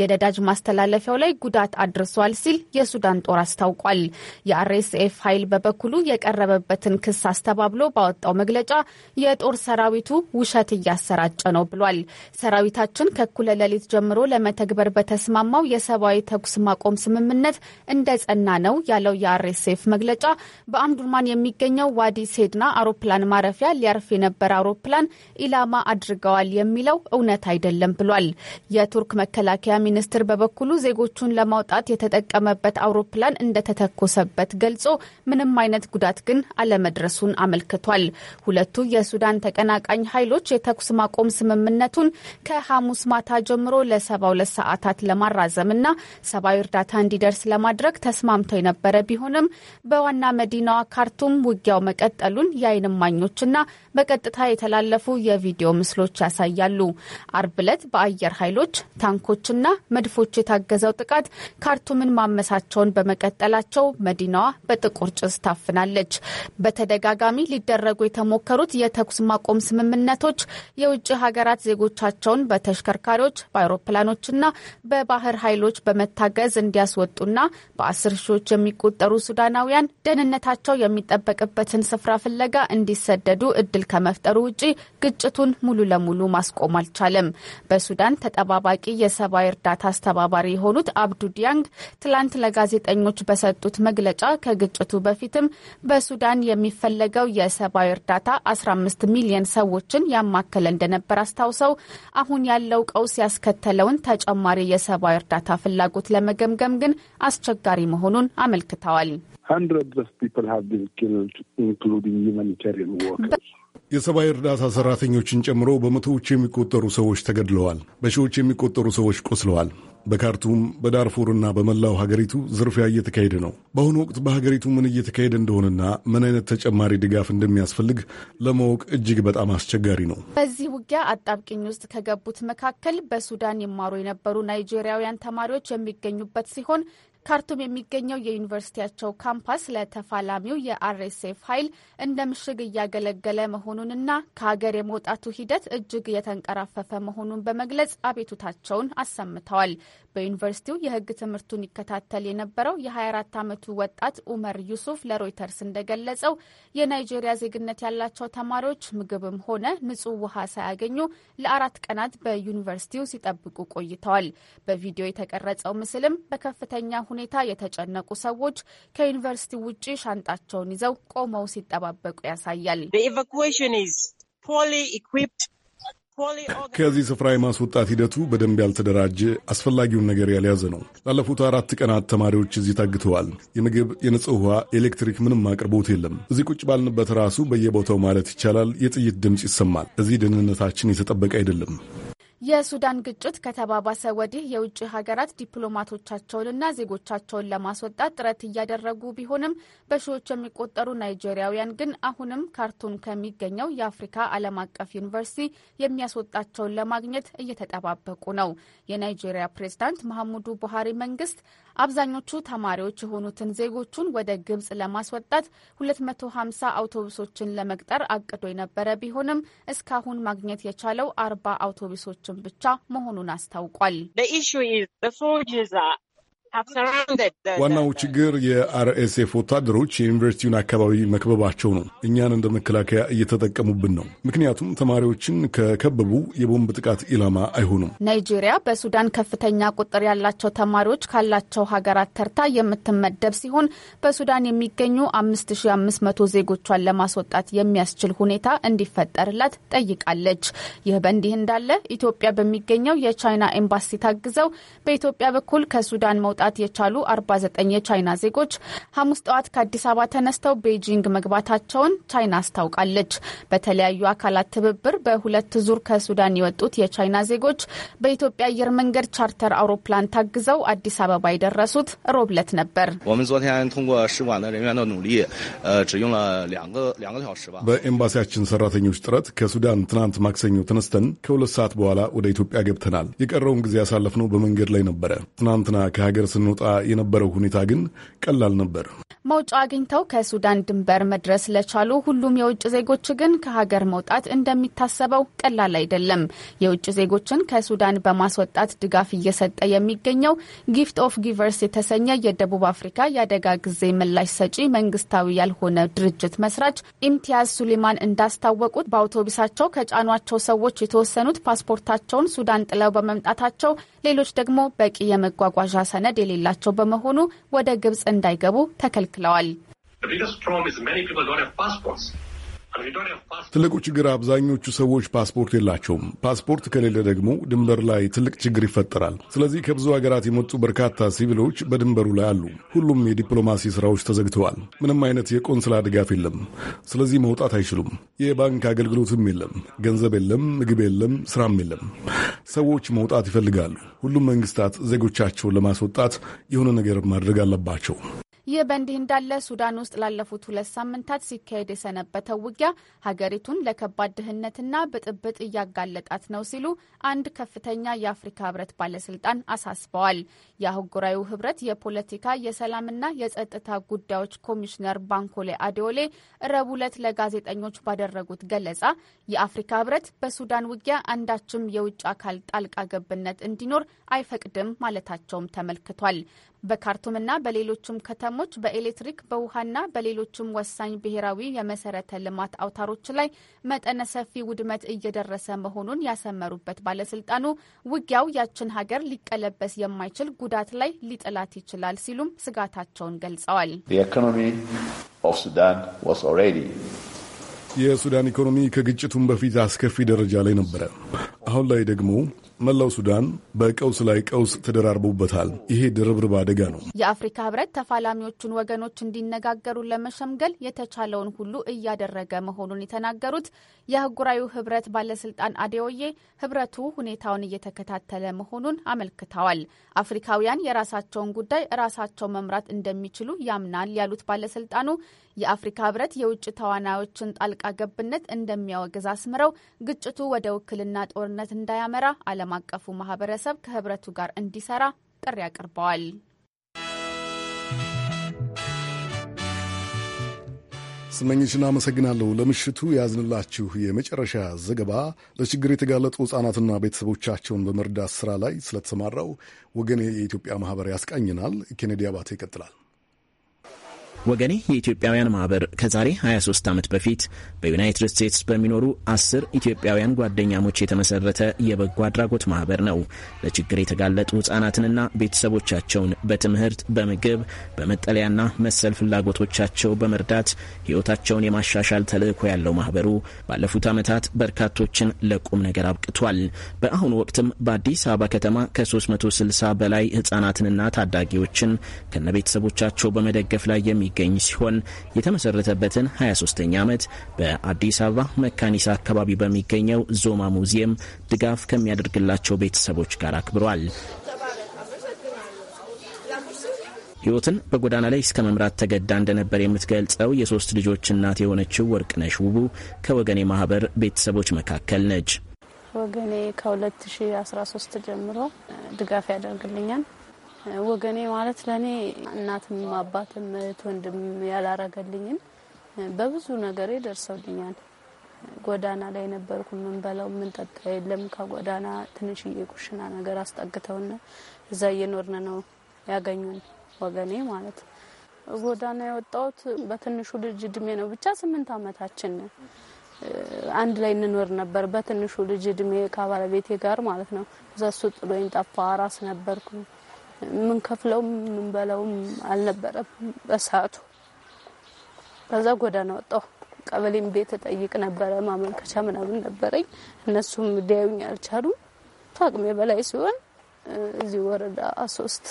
የነዳጅ ማስተላለፊያው ላይ ጉዳት አድርሷል ሲል የሱዳን ጦር አስታውቋል። የአርኤስኤፍ ኃይል በበኩሉ የቀረበበትን ክስ አስተባብሎ ባወጣው መግለጫ የጦር ሰራዊቱ ውሸት እያሰራጨ ነው ብሏል። ሰራዊታችን ከእኩለ ሌሊት ጀምሮ ለመተግበር በተስማማው የሰብአዊ ተኩስ ማቆም ስምምነት እንደጸና ነው ያለው የአርኤስኤፍ መግለጫ በአምዱርማን የሚገኘው ዋዲ ሴድና አውሮፕላን ማረፊያ ሊያርፍ የነበረ አውሮፕላን ኢላማ አድርገዋል የሚለው እውነት አይደለም ብሏል። የቱርክ መከላከያ ሚኒስትር በበኩሉ ዜጎቹን ለማውጣት የተጠቀመበት አውሮፕላን እንደተተኮሰበት ገልጾ ምንም አይነት ጉዳት ግን አለመድረሱን አመልክቷል። ሁለቱ የሱዳን ተቀናቃኝ ኃይሎች የተኩስ ማቆም ስምምነቱን ከሐሙስ ማታ ጀምሮ ለ72 ሰዓታት ለማራዘ ለማራዘምና ሰብአዊ እርዳታ እንዲደርስ ለማድረግ ተስማምተው የነበረ ቢሆንም በዋና መዲናዋ ካርቱም ውጊያው መቀጠሉን የአይን እማኞችና በቀጥታ የተላለፉ የቪዲዮ ምስሎች ያሳያሉ። አርብ ዕለት በአየር ኃይሎች ታንኮችና መድፎች የታገዘው ጥቃት ካርቱምን ማመሳቸውን በመቀጠላቸው መዲናዋ በጥቁር ጭስ ታፍናለች። በተደጋጋሚ ሊደረጉ የተሞከሩት የተኩስ ማቆም ስምምነቶች የውጭ ሀገራት ዜጎቻቸውን በተሽከርካሪዎች በአውሮፕላኖችና በባህር ኃይሎች በመታገዝ እንዲያስወጡና በአስር ሺዎች የሚቆጠሩ ሱዳናውያን ደህንነታቸው የሚጠበቅበትን ስፍራ ፍለጋ እንዲሰደዱ እድል እድል ከመፍጠሩ ውጪ ግጭቱን ሙሉ ለሙሉ ማስቆም አልቻለም። በሱዳን ተጠባባቂ የሰብአዊ እርዳታ አስተባባሪ የሆኑት አብዱ ዲያንግ ትላንት ለጋዜጠኞች በሰጡት መግለጫ ከግጭቱ በፊትም በሱዳን የሚፈለገው የሰብአዊ እርዳታ 15 ሚሊዮን ሰዎችን ያማከለ እንደነበር አስታውሰው አሁን ያለው ቀውስ ያስከተለውን ተጨማሪ የሰብአዊ እርዳታ ፍላጎት ለመገምገም ግን አስቸጋሪ መሆኑን አመልክተዋል። የሰብአዊ እርዳታ ሰራተኞችን ጨምሮ በመቶዎች የሚቆጠሩ ሰዎች ተገድለዋል። በሺዎች የሚቆጠሩ ሰዎች ቆስለዋል። በካርቱም በዳርፉርና በመላው ሀገሪቱ ዝርፊያ እየተካሄደ ነው። በአሁኑ ወቅት በሀገሪቱ ምን እየተካሄደ እንደሆነና ምን አይነት ተጨማሪ ድጋፍ እንደሚያስፈልግ ለማወቅ እጅግ በጣም አስቸጋሪ ነው። በዚህ ውጊያ አጣብቂኝ ውስጥ ከገቡት መካከል በሱዳን ይማሩ የነበሩ ናይጄሪያውያን ተማሪዎች የሚገኙበት ሲሆን ካርቱም የሚገኘው የዩኒቨርሲቲያቸው ካምፓስ ለተፋላሚው የአርኤስኤፍ ኃይል እንደ ምሽግ እያገለገለ መሆኑንና ከሀገር የመውጣቱ ሂደት እጅግ የተንቀራፈፈ መሆኑን በመግለጽ አቤቱታቸውን አሰምተዋል። በዩኒቨርሲቲው የሕግ ትምህርቱን ይከታተል የነበረው የ24 ዓመቱ ወጣት ኡመር ዩሱፍ ለሮይተርስ እንደገለጸው የናይጄሪያ ዜግነት ያላቸው ተማሪዎች ምግብም ሆነ ንጹህ ውሃ ሳያገኙ ለአራት ቀናት በዩኒቨርሲቲው ሲጠብቁ ቆይተዋል። በቪዲዮ የተቀረጸው ምስልም በከፍተኛ ሁኔታ የተጨነቁ ሰዎች ከዩኒቨርሲቲ ውጭ ሻንጣቸውን ይዘው ቆመው ሲጠባበቁ ያሳያል። ከዚህ ስፍራ የማስወጣት ሂደቱ በደንብ ያልተደራጀ አስፈላጊውን ነገር ያልያዘ ነው። ላለፉት አራት ቀናት ተማሪዎች እዚህ ታግተዋል። የምግብ፣ የንጹህ ውሃ፣ የኤሌክትሪክ ምንም አቅርቦት የለም። እዚህ ቁጭ ባልንበት ራሱ በየቦታው ማለት ይቻላል የጥይት ድምፅ ይሰማል። እዚህ ደህንነታችን የተጠበቀ አይደለም። የሱዳን ግጭት ከተባባሰ ወዲህ የውጭ ሀገራት ዲፕሎማቶቻቸውንና ዜጎቻቸውን ለማስወጣት ጥረት እያደረጉ ቢሆንም በሺዎች የሚቆጠሩ ናይጄሪያውያን ግን አሁንም ካርቱም ከሚገኘው የአፍሪካ ዓለም አቀፍ ዩኒቨርሲቲ የሚያስወጣቸውን ለማግኘት እየተጠባበቁ ነው። የናይጄሪያ ፕሬዝዳንት መሐሙዱ ቡሃሪ መንግስት አብዛኞቹ ተማሪዎች የሆኑትን ዜጎቹን ወደ ግብጽ ለማስወጣት 250 አውቶቡሶችን ለመቅጠር አቅዶ የነበረ ቢሆንም እስካሁን ማግኘት የቻለው አርባ አውቶቡሶችን ብቻ መሆኑን አስታውቋል። ዋናው ችግር የአርኤስኤፍ ወታደሮች የዩኒቨርሲቲውን አካባቢ መክበባቸው ነው። እኛን እንደ መከላከያ እየተጠቀሙብን ነው። ምክንያቱም ተማሪዎችን ከከበቡ የቦምብ ጥቃት ኢላማ አይሆኑም። ናይጄሪያ በሱዳን ከፍተኛ ቁጥር ያላቸው ተማሪዎች ካላቸው ሀገራት ተርታ የምትመደብ ሲሆን በሱዳን የሚገኙ 5500 ዜጎቿን ለማስወጣት የሚያስችል ሁኔታ እንዲፈጠርላት ጠይቃለች። ይህ በእንዲህ እንዳለ ኢትዮጵያ በሚገኘው የቻይና ኤምባሲ ታግዘው በኢትዮጵያ በኩል ከሱዳን መውጣት መውጣት የቻሉ 49 የቻይና ዜጎች ሐሙስ ጠዋት ከአዲስ አበባ ተነስተው ቤጂንግ መግባታቸውን ቻይና አስታውቃለች። በተለያዩ አካላት ትብብር በሁለት ዙር ከሱዳን የወጡት የቻይና ዜጎች በኢትዮጵያ አየር መንገድ ቻርተር አውሮፕላን ታግዘው አዲስ አበባ የደረሱት ሮብለት ነበር። በኤምባሲያችን ሰራተኞች ጥረት ከሱዳን ትናንት ማክሰኞ ተነስተን ከሁለት ሰዓት በኋላ ወደ ኢትዮጵያ ገብተናል። የቀረውን ጊዜ ያሳለፍነው በመንገድ ላይ ነበረ። ትናንትና ከሀገር ስንወጣ የነበረው ሁኔታ ግን ቀላል ነበር። መውጫ አግኝተው ከሱዳን ድንበር መድረስ ለቻሉ ሁሉም የውጭ ዜጎች ግን ከሀገር መውጣት እንደሚታሰበው ቀላል አይደለም። የውጭ ዜጎችን ከሱዳን በማስወጣት ድጋፍ እየሰጠ የሚገኘው ጊፍት ኦፍ ጊቨርስ የተሰኘ የደቡብ አፍሪካ የአደጋ ጊዜ ምላሽ ሰጪ መንግስታዊ ያልሆነ ድርጅት መስራች ኢምቲያዝ ሱሊማን እንዳስታወቁት በአውቶቡሳቸው ከጫኗቸው ሰዎች የተወሰኑት ፓስፖርታቸውን ሱዳን ጥለው በመምጣታቸው ሌሎች ደግሞ በቂ የመጓጓዣ ሰነድ ፈቃድ የሌላቸው በመሆኑ ወደ ግብፅ እንዳይገቡ ተከልክለዋል። ትልቁ ችግር አብዛኞቹ ሰዎች ፓስፖርት የላቸውም። ፓስፖርት ከሌለ ደግሞ ድንበር ላይ ትልቅ ችግር ይፈጠራል። ስለዚህ ከብዙ ሀገራት የመጡ በርካታ ሲቪሎች በድንበሩ ላይ አሉ። ሁሉም የዲፕሎማሲ ስራዎች ተዘግተዋል። ምንም አይነት የቆንስላ ድጋፍ የለም። ስለዚህ መውጣት አይችሉም። የባንክ አገልግሎትም የለም። ገንዘብ የለም፣ ምግብ የለም፣ ስራም የለም። ሰዎች መውጣት ይፈልጋሉ። ሁሉም መንግስታት ዜጎቻቸውን ለማስወጣት የሆነ ነገር ማድረግ አለባቸው። ይህ በእንዲህ እንዳለ ሱዳን ውስጥ ላለፉት ሁለት ሳምንታት ሲካሄድ የሰነበተው ውጊያ ሀገሪቱን ለከባድ ድህነትና ብጥብጥ እያጋለጣት ነው ሲሉ አንድ ከፍተኛ የአፍሪካ ህብረት ባለስልጣን አሳስበዋል። የአህጉራዊ ህብረት የፖለቲካ የሰላምና የጸጥታ ጉዳዮች ኮሚሽነር ባንኮሌ አዲዮሌ ረቡዕ ዕለት ለጋዜጠኞች ባደረጉት ገለጻ የአፍሪካ ህብረት በሱዳን ውጊያ አንዳችም የውጭ አካል ጣልቃ ገብነት እንዲኖር አይፈቅድም ማለታቸውም ተመልክቷል። በካርቱምና በሌሎችም ከተሞች በኤሌክትሪክ በውሃና በሌሎችም ወሳኝ ብሔራዊ የመሰረተ ልማት አውታሮች ላይ መጠነ ሰፊ ውድመት እየደረሰ መሆኑን ያሰመሩበት ባለስልጣኑ ውጊያው ያችን ሀገር ሊቀለበስ የማይችል ጉዳት ላይ ሊጥላት ይችላል ሲሉም ስጋታቸውን ገልጸዋል። የሱዳን ኢኮኖሚ ከግጭቱም በፊት አስከፊ ደረጃ ላይ ነበረ። አሁን ላይ ደግሞ መላው ሱዳን በቀውስ ላይ ቀውስ ተደራርቦበታል። ይሄ ድርብርብ አደጋ ነው። የአፍሪካ ህብረት ተፋላሚዎቹን ወገኖች እንዲነጋገሩ ለመሸምገል የተቻለውን ሁሉ እያደረገ መሆኑን የተናገሩት የአህጉራዊው ህብረት ባለስልጣን አዴዎዬ ህብረቱ ሁኔታውን እየተከታተለ መሆኑን አመልክተዋል። አፍሪካውያን የራሳቸውን ጉዳይ ራሳቸው መምራት እንደሚችሉ ያምናል ያሉት ባለስልጣኑ የአፍሪካ ህብረት የውጭ ተዋናዮችን ጣልቃ ገብነት እንደሚያወግዝ አስምረው ግጭቱ ወደ ውክልና ጦርነት እንዳያመራ ዓለም አቀፉ ማህበረሰብ ከህብረቱ ጋር እንዲሰራ ጥሪ አቅርበዋል። ስመኝሽን አመሰግናለሁ። ለምሽቱ ያዝንላችሁ የመጨረሻ ዘገባ ለችግር የተጋለጡ ሕጻናትና ቤተሰቦቻቸውን በመርዳት ስራ ላይ ስለተሰማራው ወገን የኢትዮጵያ ማህበር ያስቃኝናል። ኬኔዲ አባተ ይቀጥላል። ወገኔ የኢትዮጵያውያን ማህበር ከዛሬ 23 ዓመት በፊት በዩናይትድ ስቴትስ በሚኖሩ አስር ኢትዮጵያውያን ጓደኛሞች የተመሰረተ የበጎ አድራጎት ማህበር ነው። ለችግር የተጋለጡ ህጻናትንና ቤተሰቦቻቸውን በትምህርት፣ በምግብ፣ በመጠለያና መሰል ፍላጎቶቻቸው በመርዳት ህይወታቸውን የማሻሻል ተልዕኮ ያለው ማህበሩ ባለፉት ዓመታት በርካቶችን ለቁም ነገር አብቅቷል። በአሁኑ ወቅትም በአዲስ አበባ ከተማ ከ360 በላይ ህጻናትንና ታዳጊዎችን ቤተሰቦቻቸው በመደገፍ ላይ የሚ የሚገኝ ሲሆን የተመሰረተበትን 23ኛ ዓመት በአዲስ አበባ መካኒሳ አካባቢ በሚገኘው ዞማ ሙዚየም ድጋፍ ከሚያደርግላቸው ቤተሰቦች ጋር አክብሯል። ህይወትን በጎዳና ላይ እስከ መምራት ተገዳ እንደነበር የምትገልጸው የሶስት ልጆች እናት የሆነችው ወርቅነሽ ውቡ ከወገኔ ማህበር ቤተሰቦች መካከል ነች። ወገኔ ከ2013 ጀምሮ ድጋፍ ያደርግልኛል ወገኔ ማለት ለእኔ እናትም አባትም እህት ወንድም ያላረገልኝን በብዙ ነገሬ ደርሰውልኛል። ጎዳና ላይ ነበርኩ። ምን ጠጣ የለም። ከጎዳና ትንሽዬ ኩሽና ነገር አስጠግተውና እዛ እየኖርን ነው ያገኙን ወገኔ ማለት ነው። ጎዳና የወጣሁት በትንሹ ልጅ እድሜ ነው። ብቻ ስምንት አመታችን አንድ ላይ እንኖር ነበር። በትንሹ ልጅ እድሜ ከባለቤቴ ጋር ማለት ነው። እዛ እሱ ጥሎኝ ጠፋ። አራስ ነበርኩ። የምንከፍለውም የምንበላውም አልነበረም በሰዓቱ። ከዛ ጎዳና ወጣሁ። ቀበሌም ቤት እጠይቅ ነበረ፣ ማመልከቻ ምናምን ነበረኝ። እነሱም ሊያዩኝ አልቻሉም። ከአቅሜ በላይ ሲሆን እዚህ ወረዳ ሶስት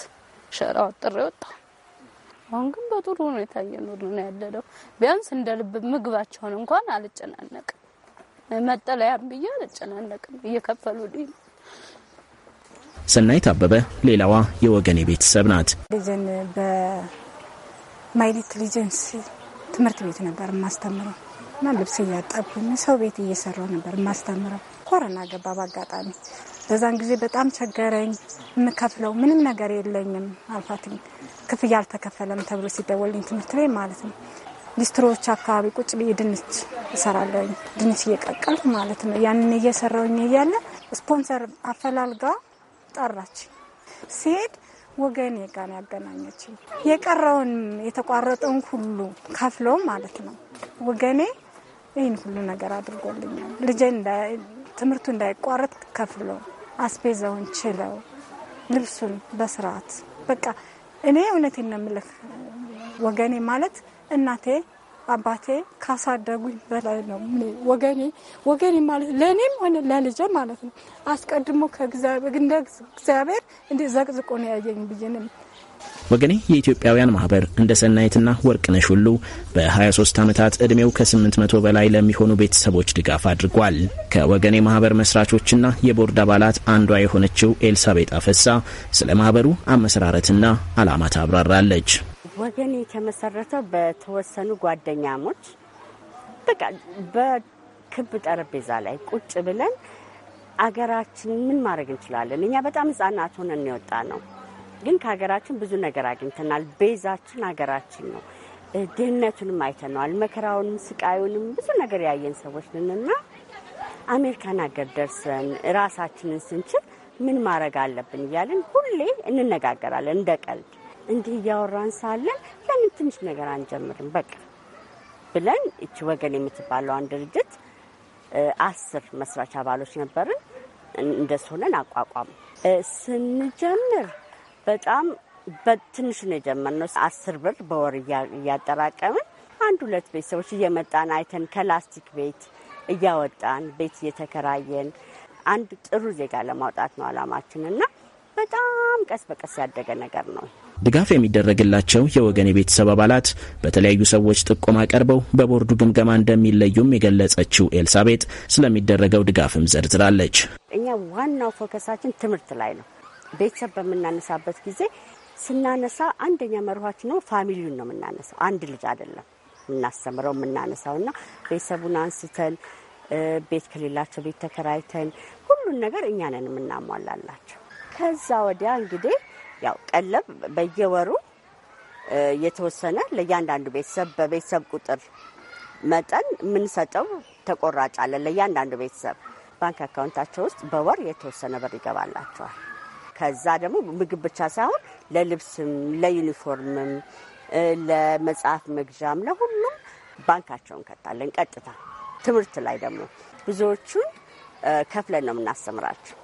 ሸራ ወጥሬ ወጣሁ። አሁን ግን በጥሩ ሁኔታ እየኖር ነው ያለነው። ቢያንስ እንደ ልብ ምግባቸውን እንኳን አልጨናነቅም፣ መጠለያም ብዬ አልጨናነቅም። እየከፈሉልኝ ነው ሰናይት አበበ ሌላዋ የወገኔ ቤተሰብ ናት። ልጅን በማይሊት ሊጀንስ ትምህርት ቤት ነበር የማስተምረው እና ልብስ እያጠብኩኝ ሰው ቤት እየሰራው ነበር የማስተምረው። ኮረና ገባ በአጋጣሚ በዛን ጊዜ በጣም ቸገረኝ። የምከፍለው ምንም ነገር የለኝም። አልፋትኝ ክፍያ አልተከፈለም ተብሎ ሲደወልኝ ትምህርት ቤት ማለት ነው ሊስትሮዎች አካባቢ ቁጭ ብዬ ድንች እሰራለሁኝ ድንች እየቀቀልኩ ማለት ነው። ያንን እየሰራውኝ እያለ ስፖንሰር አፈላልጋ ጠራች። ሲሄድ ወገኔ ጋር ያገናኘችኝ የቀረውን የተቋረጠውን ሁሉ ከፍሎ ማለት ነው። ወገኔ ይህን ሁሉ ነገር አድርጎልኛል። ልጄ ትምህርቱ እንዳይቋረጥ ከፍሎ አስቤዛውን ችለው ልብሱን በስርዓት በቃ እኔ እውነቴን ነው የምልህ ወገኔ ማለት እናቴ አባቴ ካሳደጉኝ በላይ ነው። ወገኔ ወገኔ ማለት ለእኔም ሆነ ለልጄ ማለት ነው። አስቀድሞ እንደ እግዚአብሔር እንዲ ዘቅዝቆ ነው ያየኝ ብዬ ወገኔ የኢትዮጵያውያን ማህበር እንደ ሰናይትና ወርቅነሽ ሁሉ በ23 ዓመታት ዕድሜው ከ800 በላይ ለሚሆኑ ቤተሰቦች ድጋፍ አድርጓል። ከወገኔ ማህበር መስራቾችና የቦርድ አባላት አንዷ የሆነችው ኤልሳቤጥ አፈሳ ስለ ማህበሩ አመሰራረትና ዓላማ ታብራራለች። ወገን የተመሰረተው በተወሰኑ ጓደኛሞች በቃ በክብ ጠረጴዛ ላይ ቁጭ ብለን አገራችን ምን ማድረግ እንችላለን። እኛ በጣም ህጻናት ሆነን የወጣ ነው፣ ግን ከሀገራችን ብዙ ነገር አግኝተናል። ቤዛችን ሀገራችን ነው። ድህነቱንም አይተነዋል፣ መከራውንም ስቃዩንም ብዙ ነገር ያየን ሰዎች ነንና አሜሪካን ሀገር ደርሰን ራሳችንን ስንችል ምን ማድረግ አለብን እያለን ሁሌ እንነጋገራለን እንደ ቀልድ። እንዲህ እያወራን ሳለን ለምን ትንሽ ነገር አንጀምርም? በቃ ብለን እቺ ወገን የምትባለዋን ድርጅት አስር መስራች አባሎች ነበርን። እንደሱ ሆነን አቋቋም ስንጀምር በጣም በትንሽ ነው የጀመርነው። አስር ብር በወር እያጠራቀምን አንድ ሁለት ቤተሰቦች እየመጣን አይተን ከላስቲክ ቤት እያወጣን ቤት እየተከራየን አንድ ጥሩ ዜጋ ለማውጣት ነው አላማችን እና በጣም ቀስ በቀስ ያደገ ነገር ነው። ድጋፍ የሚደረግላቸው የወገን የቤተሰብ አባላት በተለያዩ ሰዎች ጥቆማ ቀርበው በቦርዱ ግምገማ እንደሚለዩም የገለጸችው ኤልሳቤጥ ስለሚደረገው ድጋፍም ዘርዝራለች። እኛ ዋናው ፎከሳችን ትምህርት ላይ ነው። ቤተሰብ በምናነሳበት ጊዜ ስናነሳ አንደኛ መርኋችን ነው ፋሚሊውን ነው የምናነሳው። አንድ ልጅ አይደለም የምናስተምረው የምናነሳው እና ቤተሰቡን አንስተን ቤት ከሌላቸው ቤት ተከራይተን ሁሉን ነገር እኛንን የምናሟላላቸው ከዛ ወዲያ እንግዲህ ያው ቀለብ በየወሩ የተወሰነ ለእያንዳንዱ ቤተሰብ በቤተሰብ ቁጥር መጠን የምንሰጠው ተቆራጭ አለ። ለእያንዳንዱ ቤተሰብ ባንክ አካውንታቸው ውስጥ በወር የተወሰነ ብር ይገባላቸዋል። ከዛ ደግሞ ምግብ ብቻ ሳይሆን ለልብስም፣ ለዩኒፎርምም፣ ለመጽሐፍ መግዣም ለሁሉም ባንካቸውን እንከታለን። ቀጥታ ትምህርት ላይ ደግሞ ብዙዎቹን ከፍለን ነው የምናስተምራቸው።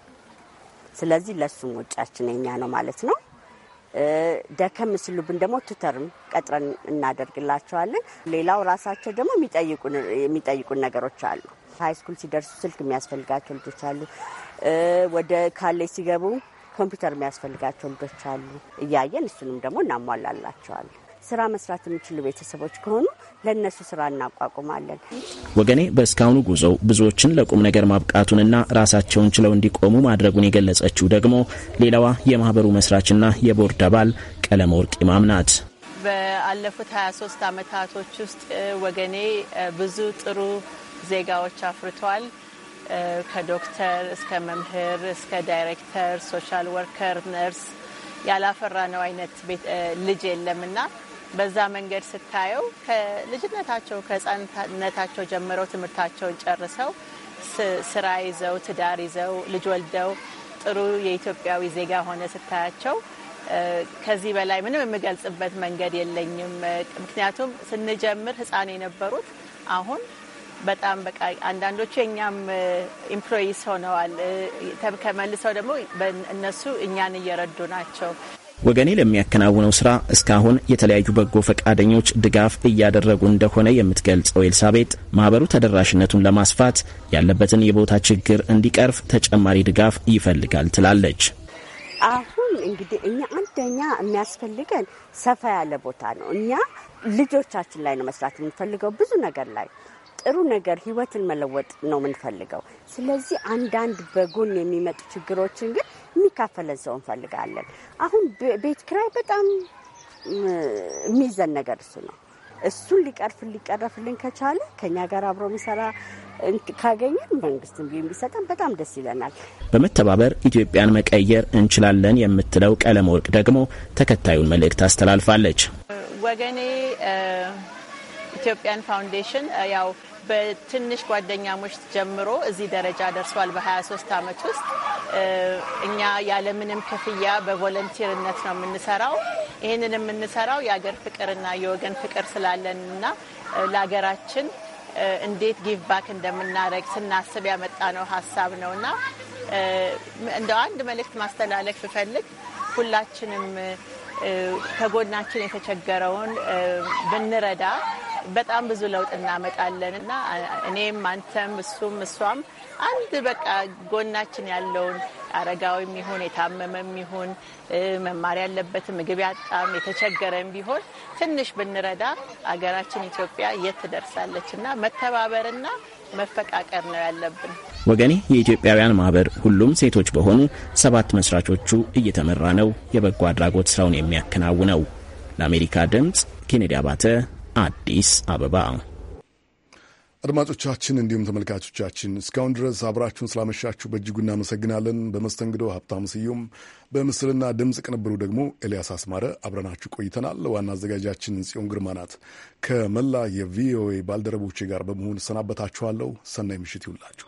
ስለዚህ ለሱም ውጫችን የኛ ነው ማለት ነው። ደከም ስሉብን ደግሞ ቱተርም ቀጥረን እናደርግላቸዋለን። ሌላው ራሳቸው ደግሞ የሚጠይቁን ነገሮች አሉ። ሃይስኩል ሲደርሱ ስልክ የሚያስፈልጋቸው ልጆች አሉ። ወደ ካሌጅ ሲገቡ ኮምፒውተር የሚያስፈልጋቸው ልጆች አሉ። እያየን እሱንም ደግሞ እናሟላላቸዋለን። ስራ መስራት የሚችሉ ቤተሰቦች ከሆኑ ለእነሱ ስራ እናቋቁማለን። ወገኔ በእስካሁኑ ጉዞው ብዙዎችን ለቁም ነገር ማብቃቱንና ራሳቸውን ችለው እንዲቆሙ ማድረጉን የገለጸችው ደግሞ ሌላዋ የማህበሩ መስራችና የቦርድ አባል ቀለም ወርቅ ኢማም ናት። በአለፉት 23 ዓመታቶች ውስጥ ወገኔ ብዙ ጥሩ ዜጋዎች አፍርቷል። ከዶክተር እስከ መምህር እስከ ዳይሬክተር፣ ሶሻል ወርከር፣ ነርስ ያላፈራ ነው አይነት ልጅ የለምና በዛ መንገድ ስታየው ከልጅነታቸው ከህፃንነታቸው ጀምረው ትምህርታቸውን ጨርሰው ስራ ይዘው ትዳር ይዘው ልጅ ወልደው ጥሩ የኢትዮጵያዊ ዜጋ ሆነ ስታያቸው ከዚህ በላይ ምንም የምገልጽበት መንገድ የለኝም። ምክንያቱም ስንጀምር ህፃን የነበሩት አሁን በጣም በቃ አንዳንዶቹ የእኛም ኢምፕሎይስ ሆነዋል። ከመልሰው ደግሞ እነሱ እኛን እየረዱ ናቸው። ወገኔ ለሚያከናውነው ስራ እስካሁን የተለያዩ በጎ ፈቃደኞች ድጋፍ እያደረጉ እንደሆነ የምትገልጸው ኤልሳቤጥ ማህበሩ ተደራሽነቱን ለማስፋት ያለበትን የቦታ ችግር እንዲቀርፍ ተጨማሪ ድጋፍ ይፈልጋል ትላለች። አሁን እንግዲህ እኛ አንደኛ የሚያስፈልገን ሰፋ ያለ ቦታ ነው። እኛ ልጆቻችን ላይ ነው መስራት የምንፈልገው ብዙ ነገር ላይ ጥሩ ነገር ህይወትን መለወጥ ነው የምንፈልገው። ስለዚህ አንዳንድ በጎን የሚመጡ ችግሮችን ግን የሚካፈለን ሰው እንፈልጋለን። አሁን ቤት ክራይ በጣም የሚይዘን ነገር እሱ ነው። እሱን ሊቀርፍ ሊቀረፍልን ከቻለ ከኛ ጋር አብሮ ሚሰራ ካገኘን መንግስትም ቢሰጠን በጣም ደስ ይለናል። በመተባበር ኢትዮጵያን መቀየር እንችላለን የምትለው ቀለም ወርቅ ደግሞ ተከታዩን መልእክት አስተላልፋለች። ወገኔ ኢትዮጵያን ፋውንዴሽን ያው በትንሽ ጓደኛሞች ጀምሮ እዚህ ደረጃ ደርሷል። በ23 ዓመት ውስጥ እኛ ያለምንም ክፍያ በቮለንቲርነት ነው የምንሰራው። ይህንን የምንሰራው የአገር ፍቅርና የወገን ፍቅር ስላለንና ለሀገራችን እንዴት ጊቭ ባክ እንደምናደረግ ስናስብ ያመጣ ነው ሀሳብ ነው እና እንደ አንድ መልእክት ማስተላለፍ ብፈልግ ሁላችንም ከጎናችን የተቸገረውን ብንረዳ በጣም ብዙ ለውጥ እናመጣለን እና እኔም አንተም እሱም እሷም አንድ በቃ ጎናችን ያለውን አረጋዊም ይሁን የታመመም ይሁን መማር ያለበት ምግብ ያጣም የተቸገረም ቢሆን ትንሽ ብንረዳ አገራችን ኢትዮጵያ የት ትደርሳለች እና መተባበርና መፈቃቀር ነው ያለብን። ወገኔ የኢትዮጵያውያን ማህበር ሁሉም ሴቶች በሆኑ ሰባት መስራቾቹ እየተመራ ነው የበጎ አድራጎት ስራውን የሚያከናውነው። ለአሜሪካ ድምፅ ኬኔዲ አባተ አዲስ አበባ። አድማጮቻችን እንዲሁም ተመልካቾቻችን እስካሁን ድረስ አብራችሁን ስላመሻችሁ በእጅጉ እናመሰግናለን። በመስተንግዶ ሀብታም ስዩም፣ በምስልና ድምፅ ቅንብሩ ደግሞ ኤልያስ አስማረ አብረናችሁ ቆይተናል። ዋና አዘጋጃችን ጽዮን ግርማ ናት። ከመላ የቪኦኤ ባልደረቦቼ ጋር በመሆን እሰናበታችኋለሁ። ሰናይ ምሽት ይሁንላችሁ።